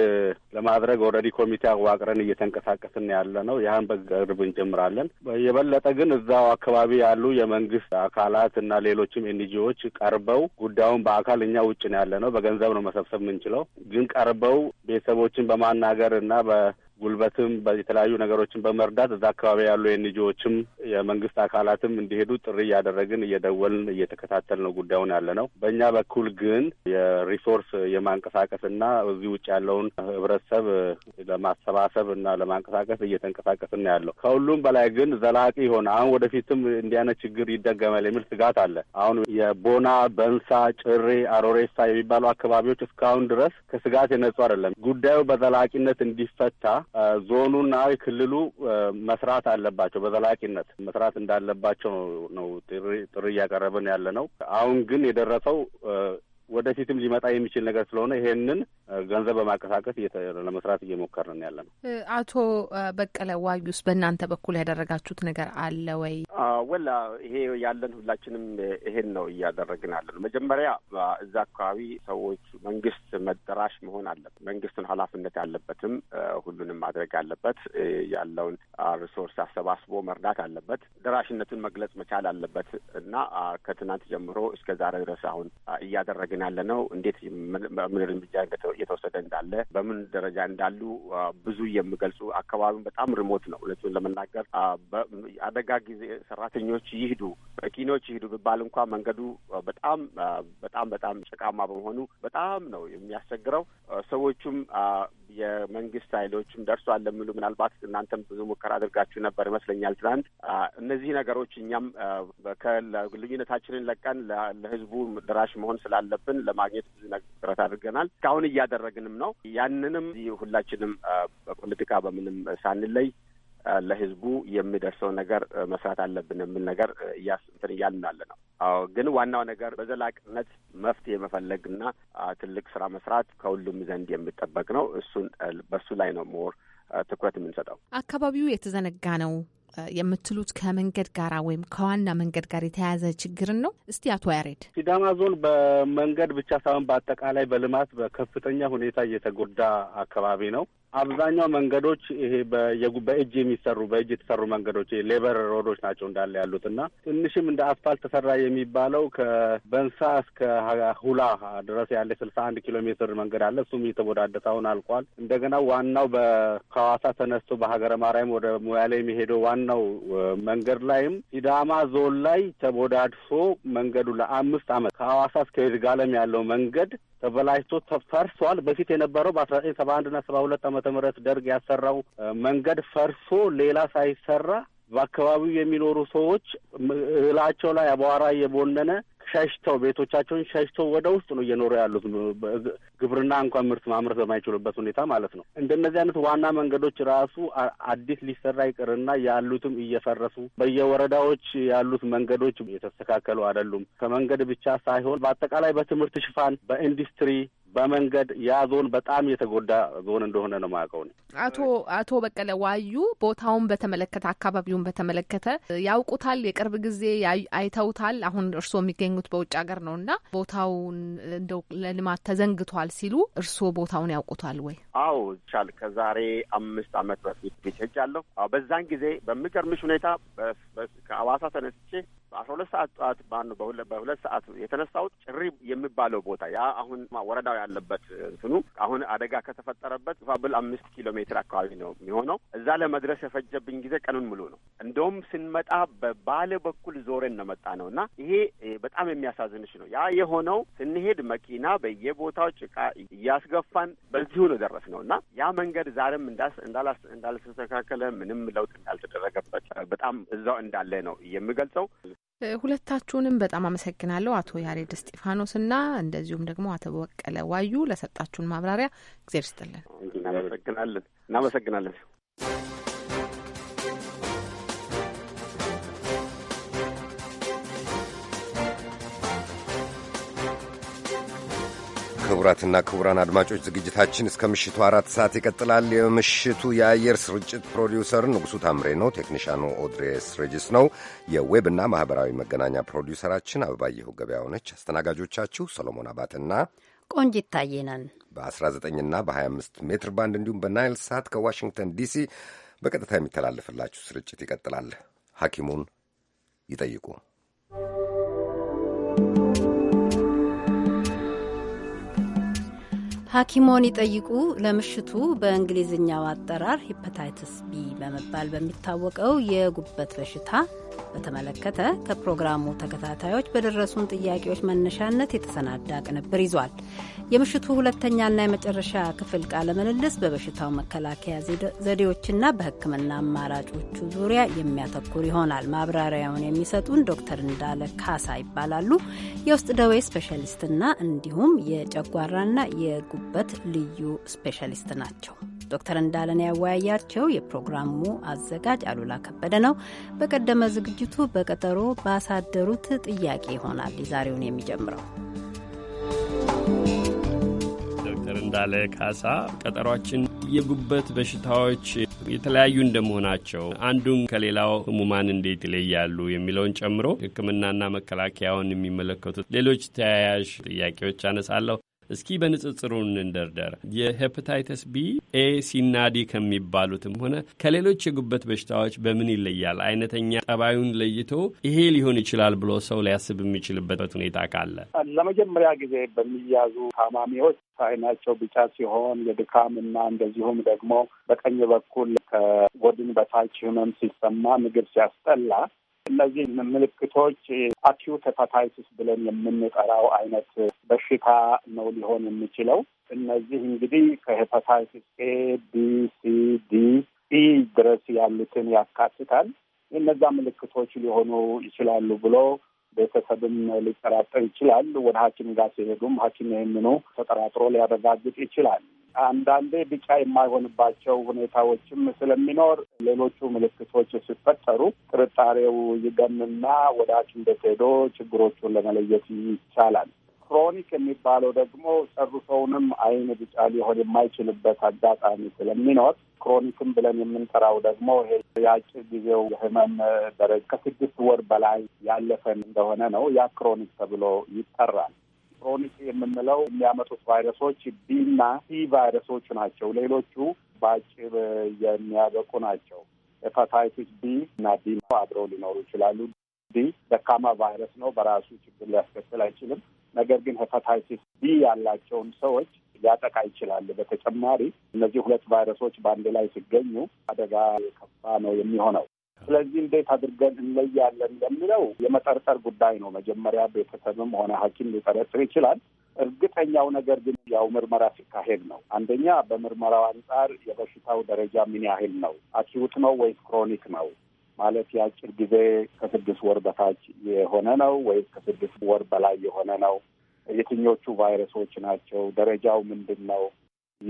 ለማድረግ ኦልሬዲ ኮሚቴ አዋቅረን እየተንቀሳቀስን ያለ ነው። ያህን በቅርብ እንጀምራለን። የበለጠ ግን እዛው አካባቢ ያሉ የመንግስት አካላት እና ሌሎችም ኤንጂዎች ቀርበው ጉዳዩን በአካል እኛ ውጭ ነው ያለ ነው በገንዘብ ነው መሰብሰብ የምንችለው። ግን ቀርበው ቤተሰቦችን በማናገር እና ጉልበትም የተለያዩ ነገሮችን በመርዳት እዛ አካባቢ ያሉ የንጂዎችም የመንግስት አካላትም እንዲሄዱ ጥሪ እያደረግን እየደወልን እየተከታተል ነው ጉዳዩን ያለ ነው። በእኛ በኩል ግን የሪሶርስ የማንቀሳቀስ እና እዚህ ውጭ ያለውን ህብረተሰብ ለማሰባሰብ እና ለማንቀሳቀስ እየተንቀሳቀስን ያለው ከሁሉም በላይ ግን ዘላቂ ሆነ አሁን ወደፊትም እንዲያነ ችግር ይደገመል የሚል ስጋት አለ። አሁን የቦና በንሳ፣ ጭሬ፣ አሮሬሳ የሚባሉ አካባቢዎች እስካሁን ድረስ ከስጋት የነጹ አይደለም። ጉዳዩ በዘላቂነት እንዲፈታ ዞኑና ክልሉ መስራት አለባቸው። በዘላቂነት መስራት እንዳለባቸው ነው ጥሪ እያቀረብን ያለ ነው። አሁን ግን የደረሰው ወደፊትም ሊመጣ የሚችል ነገር ስለሆነ ይሄንን ገንዘብ በማንቀሳቀስ ለመስራት እየሞከርን ነው ያለ ነው። አቶ በቀለ ዋዩስ በእናንተ በኩል ያደረጋችሁት ነገር አለ ወይ? ወላ ይሄ ያለን ሁላችንም ይሄን ነው እያደረግን ያለ ነው። መጀመሪያ እዛ አካባቢ ሰዎች መንግስት መደራሽ መሆን አለበት። መንግስትን ኃላፊነት ያለበትም ሁሉንም ማድረግ አለበት። ያለውን ሪሶርስ አሰባስቦ መርዳት አለበት። ደራሽነቱን መግለጽ መቻል አለበት እና ከትናንት ጀምሮ እስከ ዛሬ ድረስ አሁን እያደረግን እያደረግን ያለ ነው፣ እንዴት ምን እርምጃ እየተወሰደ እንዳለ በምን ደረጃ እንዳሉ ብዙ የሚገልጹ አካባቢውን በጣም ሪሞት ነው። እውነቱን ለመናገር አደጋ ጊዜ ሰራተኞች ይሂዱ መኪኖች ይሂዱ ቢባል እንኳ መንገዱ በጣም በጣም በጣም ጭቃማ በመሆኑ በጣም ነው የሚያስቸግረው ሰዎቹም የመንግስት ኃይሎችም ደርሷል ለሚሉ ምናልባት እናንተም ብዙ ሙከራ አድርጋችሁ ነበር ይመስለኛል ትናንት። እነዚህ ነገሮች እኛም ልዩነታችንን ለቀን ለህዝቡ ድራሽ መሆን ስላለብን ለማግኘት ብዙ ጥረት አድርገናል። እስካሁን እያደረግንም ነው። ያንንም ሁላችንም በፖለቲካ በምንም ሳንለይ ለህዝቡ የሚደርሰው ነገር መስራት አለብን የሚል ነገር እያስንትን እያልን ነው። አዎ ግን ዋናው ነገር በዘላቂነት መፍትሄ መፈለግና ትልቅ ስራ መስራት ከሁሉም ዘንድ የሚጠበቅ ነው። እሱን በሱ ላይ ነው ሞር ትኩረት የምንሰጠው። አካባቢው የተዘነጋ ነው የምትሉት ከመንገድ ጋር ወይም ከዋና መንገድ ጋር የተያያዘ ችግርን ነው? እስቲ አቶ ያሬድ። ሲዳማ ዞን በመንገድ ብቻ ሳይሆን በአጠቃላይ በልማት በከፍተኛ ሁኔታ እየተጎዳ አካባቢ ነው። አብዛኛው መንገዶች ይሄ በእጅ የሚሰሩ በእጅ የተሰሩ መንገዶች ሌበር ሮዶች ናቸው እንዳለ ያሉት እና ትንሽም እንደ አስፋልት ተሰራ የሚባለው ከበንሳ እስከ ሁላ ድረስ ያለ ስልሳ አንድ ኪሎ ሜትር መንገድ አለ። እሱም እየተሞዳደሰ አሁን አልቋል። እንደገና ዋናው በከዋሳ ተነስቶ በሀገረ ማርያም ወደ ሞያሌ የሚሄደው ዋናው መንገድ ላይም ሲዳማ ዞን ላይ ተቦዳድሶ መንገዱ ለአምስት አመት ከሀዋሳ እስከ ይድጋለም ያለው መንገድ ተበላሽቶ ፈርሷል። በፊት የነበረው በአስራ ዘጠኝ ሰባ አንድ ና ሰባ ሁለት ዓመተ ምህረት ደርግ ያሰራው መንገድ ፈርሶ ሌላ ሳይሰራ በአካባቢው የሚኖሩ ሰዎች እህላቸው ላይ አቧራ እየቦነነ ሸሽተው ቤቶቻቸውን ሸሽተው ወደ ውስጥ ነው እየኖሩ ያሉት። ግብርና እንኳን ምርት ማምረት በማይችሉበት ሁኔታ ማለት ነው። እንደነዚህ አይነት ዋና መንገዶች ራሱ አዲስ ሊሰራ ይቅርና ያሉትም እየፈረሱ በየወረዳዎች ያሉት መንገዶች የተስተካከሉ አይደሉም። ከመንገድ ብቻ ሳይሆን በአጠቃላይ በትምህርት ሽፋን፣ በኢንዱስትሪ በመንገድ ያ ዞን በጣም የተጎዳ ዞን እንደሆነ ነው የማውቀው። አቶ አቶ በቀለ ዋዩ ቦታውን በተመለከተ አካባቢውን በተመለከተ ያውቁታል? የቅርብ ጊዜ አይተውታል? አሁን እርስዎ የሚገኙ የሚኖሩት በውጭ ሀገር ነው እና ቦታውን እንደው ለልማት ተዘንግቷል ሲሉ እርስዎ ቦታውን ያውቁታል ወይ? አዎ ይቻል ከዛሬ አምስት አመት በፊት ሄጃለሁ። በዛን ጊዜ በሚገርምሽ ሁኔታ ከአዋሳ ተነስቼ በአስራ ሁለት ሰዓት ጠዋት በአንዱ በሁለት ሰዓት የተነሳሁት ጭሪ የሚባለው ቦታ ያ አሁን ወረዳው ያለበት እንትኑ አሁን አደጋ ከተፈጠረበት ፋብል አምስት ኪሎ ሜትር አካባቢ ነው የሚሆነው። እዛ ለመድረስ የፈጀብኝ ጊዜ ቀኑን ሙሉ ነው። እንደውም ስንመጣ በባሌ በኩል ዞረን ነው መጣ ነው እና ይሄ በጣም በጣም የሚያሳዝንሽ ነው። ያ የሆነው ስንሄድ መኪና በየቦታው ጭቃ እያስገፋን በዚሁ ነው ደረስ ነው እና ያ መንገድ ዛሬም እንዳላስተካከለ ምንም ለውጥ እንዳልተደረገበት በጣም እዛው እንዳለ ነው የምገልጸው። ሁለታችሁንም በጣም አመሰግናለሁ አቶ ያሬድ እስጢፋኖስ እና እንደዚሁም ደግሞ አቶ በቀለ ዋዩ ለሰጣችሁን ማብራሪያ እግዜር ይስጥልን። እናመሰግናለን እናመሰግናለን። ክቡራትና ክቡራን አድማጮች ዝግጅታችን እስከ ምሽቱ አራት ሰዓት ይቀጥላል። የምሽቱ የአየር ስርጭት ፕሮዲውሰር ንጉሡ ታምሬ ነው። ቴክኒሻኑ ኦድሬስ ሬጅስ ነው። የዌብና ማኅበራዊ መገናኛ ፕሮዲውሰራችን አበባየሁ ገበያው ነች። አስተናጋጆቻችሁ ሰሎሞን አባትና ቆንጂት ታየ ነን። በ19ና በ25 ሜትር ባንድ እንዲሁም በናይል ሳት ከዋሽንግተን ዲሲ በቀጥታ የሚተላለፍላችሁ ስርጭት ይቀጥላል። ሐኪሙን ይጠይቁ ሐኪሞን ይጠይቁ ለምሽቱ በእንግሊዝኛው አጠራር ሂፐታይትስ ቢ በመባል በሚታወቀው የጉበት በሽታ በተመለከተ ከፕሮግራሙ ተከታታዮች በደረሱን ጥያቄዎች መነሻነት የተሰናዳ ቅንብር ይዟል። የምሽቱ ሁለተኛና የመጨረሻ ክፍል ቃለ ምልልስ በበሽታው መከላከያ ዘዴዎችና በሕክምና አማራጮቹ ዙሪያ የሚያተኩር ይሆናል። ማብራሪያውን የሚሰጡን ዶክተር እንዳለ ካሳ ይባላሉ። የውስጥ ደዌ ስፔሻሊስትና እንዲሁም የጨጓራና የጉበት ልዩ ስፔሻሊስት ናቸው። ዶክተር እንዳለን ያወያያቸው የፕሮግራሙ አዘጋጅ አሉላ ከበደ ነው። በቀደመ ዝግጅቱ በቀጠሮ ባሳደሩት ጥያቄ ይሆናል የዛሬውን የሚጀምረው። እንዳለ ካሳ ቀጠሯችን የጉበት በሽታዎች የተለያዩ እንደመሆናቸው አንዱን ከሌላው ህሙማን እንዴት ይለያሉ የሚለውን ጨምሮ ሕክምናና መከላከያውን የሚመለከቱ ሌሎች ተያያዥ ጥያቄዎች አነሳለሁ። እስኪ በንጽጽሩን እንደርደር። የሄፕታይተስ ቢ ኤ ሲናዲ ከሚባሉትም ሆነ ከሌሎች የጉበት በሽታዎች በምን ይለያል? አይነተኛ ጠባዩን ለይቶ ይሄ ሊሆን ይችላል ብሎ ሰው ሊያስብ የሚችልበት ሁኔታ ካለ ለመጀመሪያ ጊዜ በሚያዙ ታማሚዎች አይናቸው ቢጫ ሲሆን የድካም እና እንደዚሁም ደግሞ በቀኝ በኩል ከጎድን በታች ህመም ሲሰማ ምግብ ሲያስጠላ እነዚህ ምልክቶች አኪዩት ሄፓታይቲስ ብለን የምንጠራው አይነት በሽታ ነው ሊሆን የሚችለው። እነዚህ እንግዲህ ከሄፓታይቲስ ኤ፣ ቢ፣ ሲ፣ ዲ፣ ኢ ድረስ ያሉትን ያካትታል። እነዛ ምልክቶች ሊሆኑ ይችላሉ ብሎ ቤተሰብም ሊጠራጠር ይችላል። ወደ ሐኪም ጋር ሲሄዱም ሐኪም ይህንኑ ተጠራጥሮ ሊያረጋግጥ ይችላል። አንዳንዴ ቢጫ የማይሆንባቸው ሁኔታዎችም ስለሚኖር ሌሎቹ ምልክቶች ሲፈጠሩ ጥርጣሬው ይገምና ወደ ሐኪም ቤት ሄዶ ችግሮቹን ለመለየት ይቻላል። ክሮኒክ የሚባለው ደግሞ ጨርሶውንም አይን ቢጫ ሊሆን የማይችልበት አጋጣሚ ስለሚኖር ክሮኒክም ብለን የምንጠራው ደግሞ ይሄ የአጭር ጊዜው የህመም ደረጃ ከስድስት ወር በላይ ያለፈን እንደሆነ ነው። ያ ክሮኒክ ተብሎ ይጠራል። ክሮኒክ የምንለው የሚያመጡት ቫይረሶች ቢ እና ሲ ቫይረሶች ናቸው። ሌሎቹ በአጭር የሚያበቁ ናቸው። ሄፓታይቲስ ቢ እና ዲ አብረው ሊኖሩ ይችላሉ። ዲ ደካማ ቫይረስ ነው። በራሱ ችግር ሊያስከትል አይችልም። ነገር ግን ሄፓታይቲስ ቢ ያላቸውን ሰዎች ሊያጠቃ ይችላል። በተጨማሪ እነዚህ ሁለት ቫይረሶች በአንድ ላይ ሲገኙ አደጋ የከፋ ነው የሚሆነው። ስለዚህ እንዴት አድርገን እንለያለን ለሚለው የመጠርጠር ጉዳይ ነው። መጀመሪያ ቤተሰብም ሆነ ሐኪም ሊጠረጥር ይችላል። እርግጠኛው ነገር ግን ያው ምርመራ ሲካሄድ ነው። አንደኛ በምርመራው አንጻር የበሽታው ደረጃ ምን ያህል ነው? አኪዩት ነው ወይስ ክሮኒክ ነው? ማለት የአጭር ጊዜ ከስድስት ወር በታች የሆነ ነው ወይም ከስድስት ወር በላይ የሆነ ነው፣ የትኞቹ ቫይረሶች ናቸው፣ ደረጃው ምንድን ነው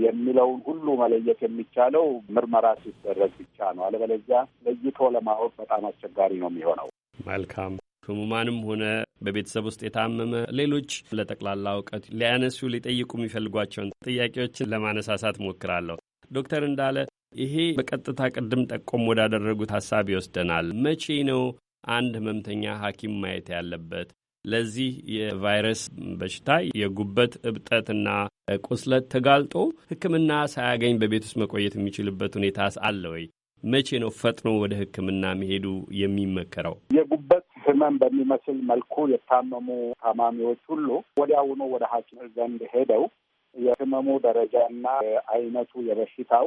የሚለውን ሁሉ መለየት የሚቻለው ምርመራ ሲደረግ ብቻ ነው። አለበለዚያ ለይቶ ለማወቅ በጣም አስቸጋሪ ነው የሚሆነው። መልካም ህሙማንም ሆነ በቤተሰብ ውስጥ የታመመ ሌሎች ለጠቅላላ እውቀት ሊያነሱ ሊጠይቁ የሚፈልጓቸውን ጥያቄዎችን ለማነሳሳት ሞክራለሁ። ዶክተር እንዳለ ይሄ በቀጥታ ቅድም ጠቆም ወዳደረጉት ሀሳብ ይወስደናል። መቼ ነው አንድ ህመምተኛ ሐኪም ማየት ያለበት? ለዚህ የቫይረስ በሽታ የጉበት እብጠትና ቁስለት ተጋልጦ ሕክምና ሳያገኝ በቤት ውስጥ መቆየት የሚችልበት ሁኔታ አለ ወይ? መቼ ነው ፈጥኖ ወደ ሕክምና መሄዱ የሚመከረው? የጉበት ህመም በሚመስል መልኩ የታመሙ ታማሚዎች ሁሉ ወዲያውኑ ወደ ሐኪም ዘንድ ሄደው የህመሙ ደረጃና አይነቱ የበሽታው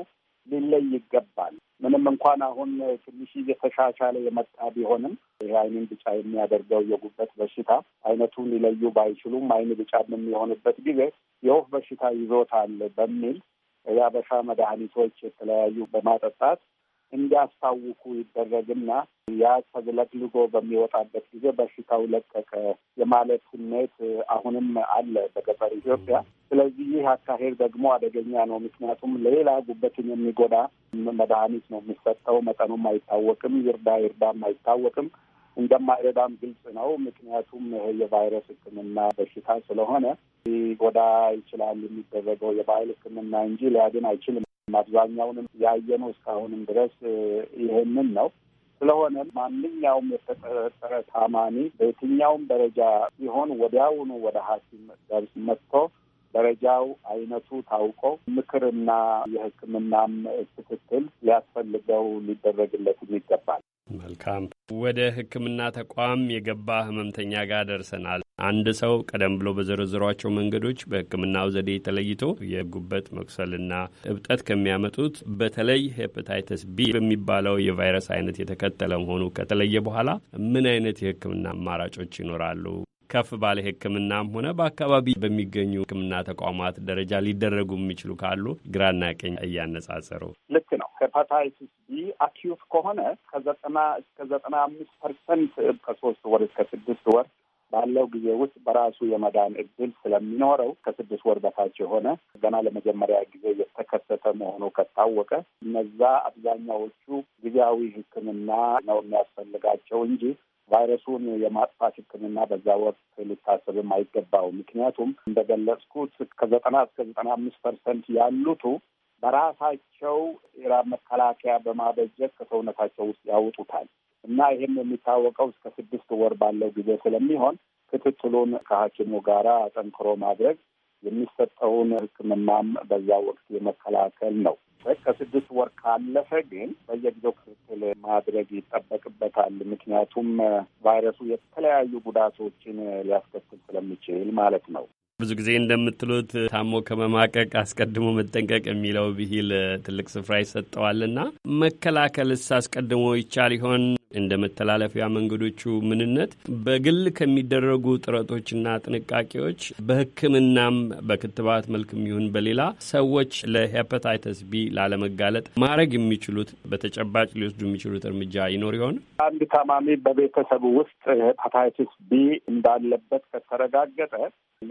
ሊለይ ይገባል። ምንም እንኳን አሁን ትንሽ እየተሻሻለ የመጣ ቢሆንም ይሄ አይንን ቢጫ የሚያደርገው የጉበት በሽታ አይነቱን ሊለዩ ባይችሉም አይን ቢጫ የሚሆንበት ጊዜ የወፍ በሽታ ይዞታል በሚል የአበሻ መድኃኒቶች የተለያዩ በማጠጣት እንዲያስታውኩ ይደረግና ያ ተዝለቅልጎ በሚወጣበት ጊዜ በሽታው ለቀቀ የማለት ስሜት አሁንም አለ በገጠር ኢትዮጵያ። ስለዚህ ይህ አካሄድ ደግሞ አደገኛ ነው። ምክንያቱም ሌላ ጉበትን የሚጎዳ መድኃኒት ነው የሚሰጠው። መጠኑም አይታወቅም። ይርዳ ይርዳም አይታወቅም። እንደማይረዳም ግልጽ ነው። ምክንያቱም ይሄ የቫይረስ ሕክምና በሽታ ስለሆነ ሊጎዳ ይችላል የሚደረገው የባህል ሕክምና እንጂ ሊያድን አይችልም። አብዛኛውንም ያየነው እስካሁንም ድረስ ይህንን ነው። ስለሆነ ማንኛውም የተጠረጠረ ታማሚ በየትኛውም ደረጃ ሲሆን ወዲያውኑ ወደ ሐኪም መጥቶ ደረጃው አይነቱ ታውቆ ምክርና የሕክምናም ክትትል ሊያስፈልገው ሊደረግለትም ይገባል። መልካም ወደ ህክምና ተቋም የገባ ህመምተኛ ጋር ደርሰናል። አንድ ሰው ቀደም ብሎ በዘረዘሯቸው መንገዶች በህክምናው ዘዴ ተለይቶ የጉበት መቁሰልና እብጠት ከሚያመጡት በተለይ ሄፐታይተስ ቢ በሚባለው የቫይረስ አይነት የተከተለ መሆኑ ከተለየ በኋላ ምን አይነት የህክምና አማራጮች ይኖራሉ? ከፍ ባለ ህክምናም ሆነ በአካባቢ በሚገኙ ህክምና ተቋማት ደረጃ ሊደረጉ የሚችሉ ካሉ ግራና ቀኝ እያነጻጸሩ ልክ ነው። ሄፓታይቲስ ቢ አኪዩት ከሆነ ከዘጠና እስከ ዘጠና አምስት ፐርሰንት ከሶስት ወር እስከ ስድስት ወር ባለው ጊዜ ውስጥ በራሱ የመዳን እድል ስለሚኖረው ከስድስት ወር በታች የሆነ ገና ለመጀመሪያ ጊዜ የተከሰተ መሆኑ ከታወቀ እነዛ አብዛኛዎቹ ጊዜያዊ ሕክምና ነው የሚያስፈልጋቸው እንጂ ቫይረሱን የማጥፋት ሕክምና በዛ ወቅት ሊታሰብም አይገባው። ምክንያቱም እንደገለጽኩት ከዘጠና እስከ ዘጠና አምስት ፐርሰንት ያሉቱ በራሳቸው ኢራን መከላከያ በማበጀት ከሰውነታቸው ውስጥ ያውጡታል እና ይህም የሚታወቀው እስከ ስድስት ወር ባለው ጊዜ ስለሚሆን ክትትሉን ከሐኪሙ ጋር አጠንክሮ ማድረግ የሚሰጠውን ሕክምናም በዛ ወቅት የመከላከል ነው። ከስድስት ወር ካለፈ ግን በየጊዜው ክትትል ማድረግ ይጠበቅበታል። ምክንያቱም ቫይረሱ የተለያዩ ጉዳቶችን ሊያስከትል ስለሚችል ማለት ነው። ብዙ ጊዜ እንደምትሉት ታሞ ከመማቀቅ አስቀድሞ መጠንቀቅ የሚለው ብሂል ትልቅ ስፍራ ይሰጠዋልና መከላከልስ አስቀድሞ ይቻል ይሆን? እንደ መተላለፊያ መንገዶቹ ምንነት በግል ከሚደረጉ ጥረቶችና ጥንቃቄዎች በሕክምናም በክትባት መልክም ይሁን በሌላ ሰዎች ለሄፐታይተስ ቢ ላለመጋለጥ ማድረግ የሚችሉት በተጨባጭ ሊወስዱ የሚችሉት እርምጃ ይኖር ይሆን? አንድ ታማሚ በቤተሰቡ ውስጥ ሄፐታይተስ ቢ እንዳለበት ከተረጋገጠ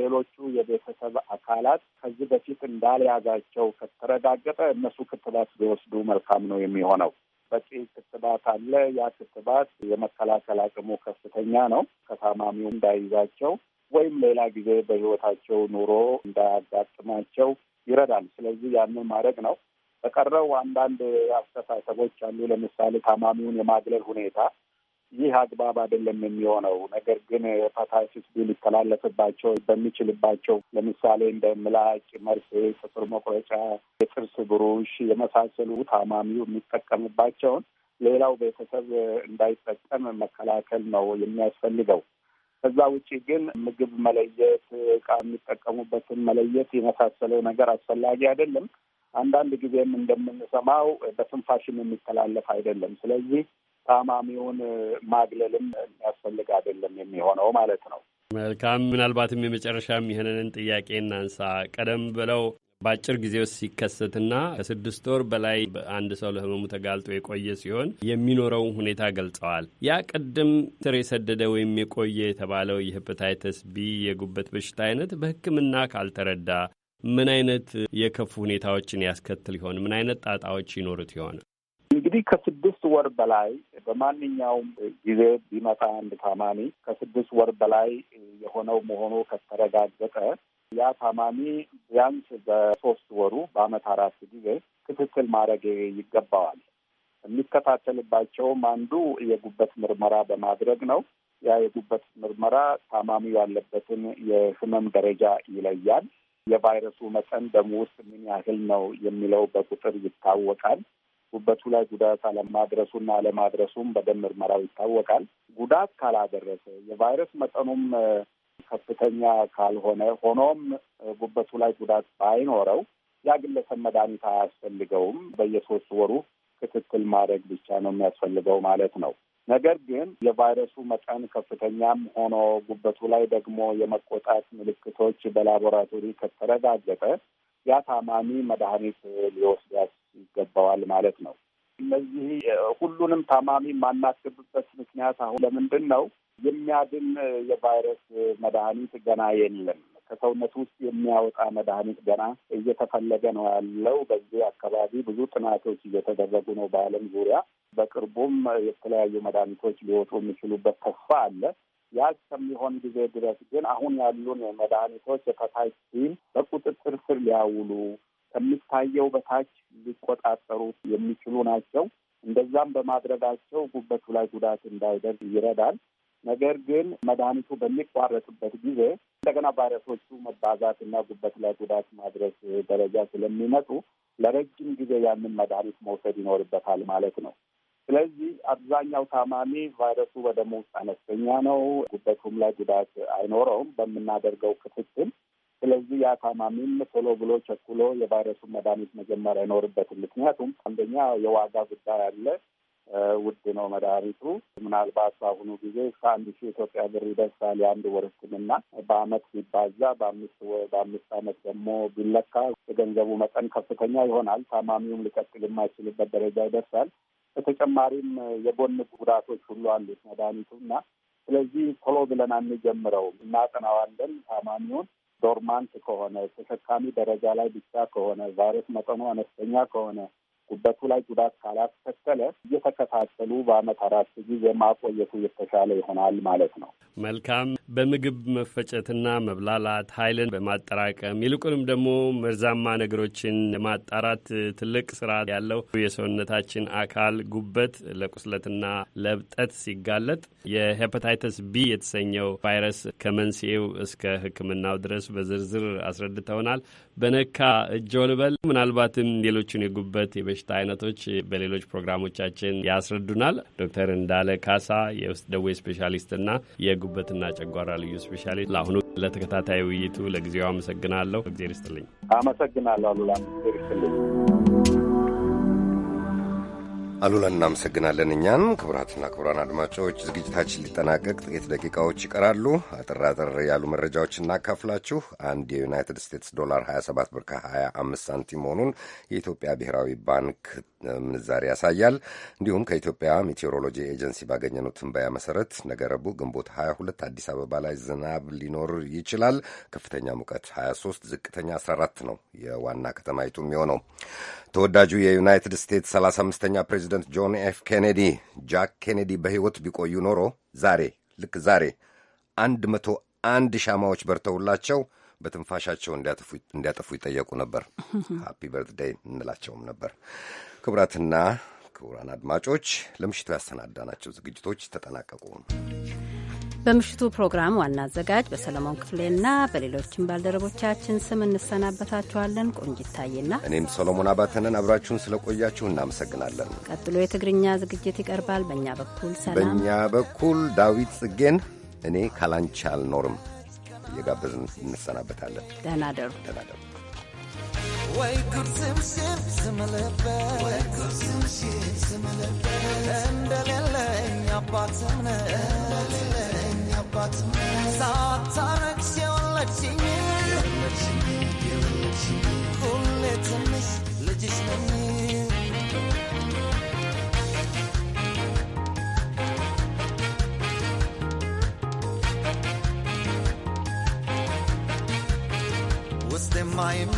ሌሎቹ የቤተሰብ አካላት ከዚህ በፊት እንዳልያዛቸው ከተረጋገጠ እነሱ ክትባት ቢወስዱ መልካም ነው የሚሆነው። በቂ ክትባት አለ። ያ ክትባት የመከላከል አቅሙ ከፍተኛ ነው። ከታማሚው እንዳይዛቸው ወይም ሌላ ጊዜ በህይወታቸው ኑሮ እንዳያጋጥማቸው ይረዳል። ስለዚህ ያንን ማድረግ ነው። በቀረው አንዳንድ አስተሳሰቦች አሉ። ለምሳሌ ታማሚውን የማግለል ሁኔታ ይህ አግባብ አይደለም የሚሆነው። ነገር ግን ሄፓታይቲስ ቢ ሊተላለፍባቸው በሚችልባቸው ለምሳሌ እንደ ምላጭ፣ መርፌ፣ ጥፍር መቁረጫ፣ የጥርስ ብሩሽ የመሳሰሉ ታማሚው የሚጠቀምባቸውን ሌላው ቤተሰብ እንዳይጠቀም መከላከል ነው የሚያስፈልገው። ከዛ ውጪ ግን ምግብ መለየት፣ እቃ የሚጠቀሙበትን መለየት የመሳሰለው ነገር አስፈላጊ አይደለም። አንዳንድ ጊዜም እንደምንሰማው በትንፋሽም የሚተላለፍ አይደለም። ስለዚህ ታማሚውን ማግለልም የሚያስፈልግ አይደለም የሚሆነው ማለት ነው። መልካም። ምናልባትም የመጨረሻ የሚሆነንን ጥያቄ እናንሳ። ቀደም ብለው በአጭር ጊዜ ውስጥ ሲከሰትና ከስድስት ወር በላይ አንድ ሰው ለህመሙ ተጋልጦ የቆየ ሲሆን የሚኖረው ሁኔታ ገልጸዋል። ያ ቅድም ስር የሰደደ ወይም የቆየ የተባለው የሄፐታይተስ ቢ የጉበት በሽታ አይነት በሕክምና ካልተረዳ ምን አይነት የከፉ ሁኔታዎችን ያስከትል ይሆን? ምን አይነት ጣጣዎች ይኖሩት ይሆን? እንግዲህ ከስድስት ወር በላይ በማንኛውም ጊዜ ቢመጣ አንድ ታማሚ ከስድስት ወር በላይ የሆነው መሆኑ ከተረጋገጠ ያ ታማሚ ቢያንስ በሶስት ወሩ በአመት አራት ጊዜ ክትትል ማድረግ ይገባዋል። የሚከታተልባቸውም አንዱ የጉበት ምርመራ በማድረግ ነው። ያ የጉበት ምርመራ ታማሚው ያለበትን የህመም ደረጃ ይለያል። የቫይረሱ መጠን ደሙ ውስጥ ምን ያህል ነው የሚለው በቁጥር ይታወቃል። ጉበቱ ላይ ጉዳት አለማድረሱና አለማድረሱም በደም ምርመራው ይታወቃል። ጉዳት ካላደረሰ የቫይረስ መጠኑም ከፍተኛ ካልሆነ ሆኖም ጉበቱ ላይ ጉዳት ባይኖረው ያ ግለሰብ መድኃኒት አያስፈልገውም። በየሶስት ወሩ ክትትል ማድረግ ብቻ ነው የሚያስፈልገው ማለት ነው። ነገር ግን የቫይረሱ መጠን ከፍተኛም ሆኖ ጉበቱ ላይ ደግሞ የመቆጣት ምልክቶች በላቦራቶሪ ከተረጋገጠ ያ ታማሚ መድኃኒት ሊወስድ ይገባዋል ማለት ነው። እነዚህ ሁሉንም ታማሚ የማናስገብበት ምክንያት አሁን ለምንድን ነው የሚያድን የቫይረስ መድኃኒት ገና የለም። ከሰውነት ውስጥ የሚያወጣ መድኃኒት ገና እየተፈለገ ነው ያለው። በዚህ አካባቢ ብዙ ጥናቶች እየተደረጉ ነው በዓለም ዙሪያ። በቅርቡም የተለያዩ መድኃኒቶች ሊወጡ የሚችሉበት ተስፋ አለ። ያ እስከሚሆን ጊዜ ድረስ ግን አሁን ያሉን መድኃኒቶች የፈታች ሲል በቁጥጥር ስር ሊያውሉ ከሚታየው በታች ሊቆጣጠሩ የሚችሉ ናቸው። እንደዛም በማድረጋቸው ጉበቱ ላይ ጉዳት እንዳይደርስ ይረዳል። ነገር ግን መድኃኒቱ በሚቋረጥበት ጊዜ እንደገና ቫይረሶቹ መባዛት እና ጉበት ላይ ጉዳት ማድረስ ደረጃ ስለሚመጡ ለረጅም ጊዜ ያንን መድኃኒት መውሰድ ይኖርበታል ማለት ነው። ስለዚህ አብዛኛው ታማሚ ቫይረሱ ወደ ሞት አነስተኛ ነው፣ ጉበቱም ላይ ጉዳት አይኖረውም በምናደርገው ክትትል። ስለዚህ ያ ታማሚም ቶሎ ብሎ ቸኩሎ የቫይረሱን መድኃኒት መጀመር አይኖርበትም። ምክንያቱም አንደኛ የዋጋ ጉዳይ አለ፣ ውድ ነው መድኃኒቱ። ምናልባት በአሁኑ ጊዜ እስከ አንድ ሺህ ኢትዮጵያ ብር ይደርሳል የአንድ ወር ሕክምና በአመት ሲባዛ በአምስት በአምስት አመት ደግሞ ቢለካ የገንዘቡ መጠን ከፍተኛ ይሆናል። ታማሚውም ሊቀጥል የማይችልበት ደረጃ ይደርሳል። በተጨማሪም የጎን ጉዳቶች ሁሉ አሉት መድኃኒቱ እና ስለዚህ ቶሎ ብለን አንጀምረው፣ እናጠናዋለን። ታማሚውን ዶርማንት ከሆነ ተሸካሚ ደረጃ ላይ ብቻ ከሆነ ቫይረስ መጠኑ አነስተኛ ከሆነ ጉበቱ ላይ ጉዳት ካላስከተለ እየተከታተሉ በአመት አራት ጊዜ ማቆየቱ የተሻለ ይሆናል ማለት ነው። መልካም። በምግብ መፈጨትና መብላላት ኃይልን በማጠራቀም ይልቁንም ደግሞ መርዛማ ነገሮችን ለማጣራት ትልቅ ስራ ያለው የሰውነታችን አካል ጉበት ለቁስለትና ለብጠት ሲጋለጥ የሄፓታይተስ ቢ የተሰኘው ቫይረስ ከመንስኤው እስከ ሕክምናው ድረስ በዝርዝር አስረድተውናል። በነካ እጅ ልበል ምናልባትም ሌሎችን የጉበት የበ በሽታ አይነቶች በሌሎች ፕሮግራሞቻችን ያስረዱናል። ዶክተር እንዳለ ካሳ የውስጥ ደዌ ስፔሻሊስትና የጉበትና ጨጓራ ልዩ ስፔሻሊስት፣ ለአሁኑ ለተከታታይ ውይይቱ ለጊዜው አመሰግናለሁ። እግዜር ይስጥልኝ። አመሰግናለሁ አሉላ። እግዜር ይስጥልኝ። አሉላ እናመሰግናለን። እኛን ክቡራትና ክቡራን አድማጮች ዝግጅታችን ሊጠናቀቅ ጥቂት ደቂቃዎች ይቀራሉ። አጥርጥር ያሉ መረጃዎች እናካፍላችሁ። አንድ የዩናይትድ ስቴትስ ዶላር 27 ብር ከ25 ሳንቲም መሆኑን የኢትዮጵያ ብሔራዊ ባንክ ምንዛሬ ያሳያል። እንዲሁም ከኢትዮጵያ ሜቴሮሎጂ ኤጀንሲ ባገኘነው ትንበያ መሰረት ነገ ረቡዕ ግንቦት 22 አዲስ አበባ ላይ ዝናብ ሊኖር ይችላል። ከፍተኛ ሙቀት 23፣ ዝቅተኛ 14 ነው። የዋና ከተማይቱ የሚሆነው ተወዳጁ የዩናይትድ ስቴትስ 35ኛ ፕሬዚደንት ፕሬዚደንት ጆን ኤፍ ኬኔዲ ጃክ ኬኔዲ በሕይወት ቢቆዩ ኖሮ ዛሬ ልክ ዛሬ አንድ መቶ አንድ ሻማዎች በርተውላቸው በትንፋሻቸው እንዲያጠፉ ይጠየቁ ነበር። ሃፒ በርትደይ እንላቸውም ነበር። ክቡራትና ክቡራን አድማጮች ለምሽቱ ያሰናዳናቸው ዝግጅቶች ተጠናቀቁ። በምሽቱ ፕሮግራም ዋና አዘጋጅ በሰለሞን ክፍሌና በሌሎችም ባልደረቦቻችን ስም እንሰናበታችኋለን። ቆንጅ ይታይና እኔም ሰሎሞን አባተንን አብራችሁን ስለቆያችሁ እናመሰግናለን። ቀጥሎ የትግርኛ ዝግጅት ይቀርባል። በእኛ በኩል ሰላም። በእኛ በኩል ዳዊት ጽጌን እኔ ካላንቺ አልኖርም እየጋበዝን እንሰናበታለን። ደህና ደሩ። ደህና ደሩ። Way good simsim ስምልበት Way good simsim simleber but zatarek się leci nie Kule to myśl, lecisz na mnie Wusste mai can't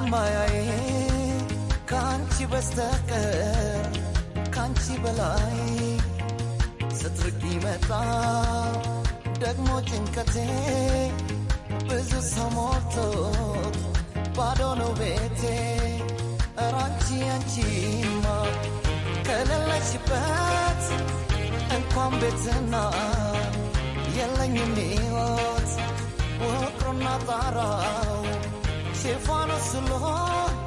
you kanchi basta kar, kanchi balai ትትርክ ይመጣ ደግሞ ጭንቀቴ ብዙ ሰው ሞልቶት ባዶ ነው ቤቴ እራንቺ አንቺማ ከሌለሽበት እንኳን ቤትና የለኝም ሕይወት ውቅሩና ጣራው ሽፋኑ ስለሆን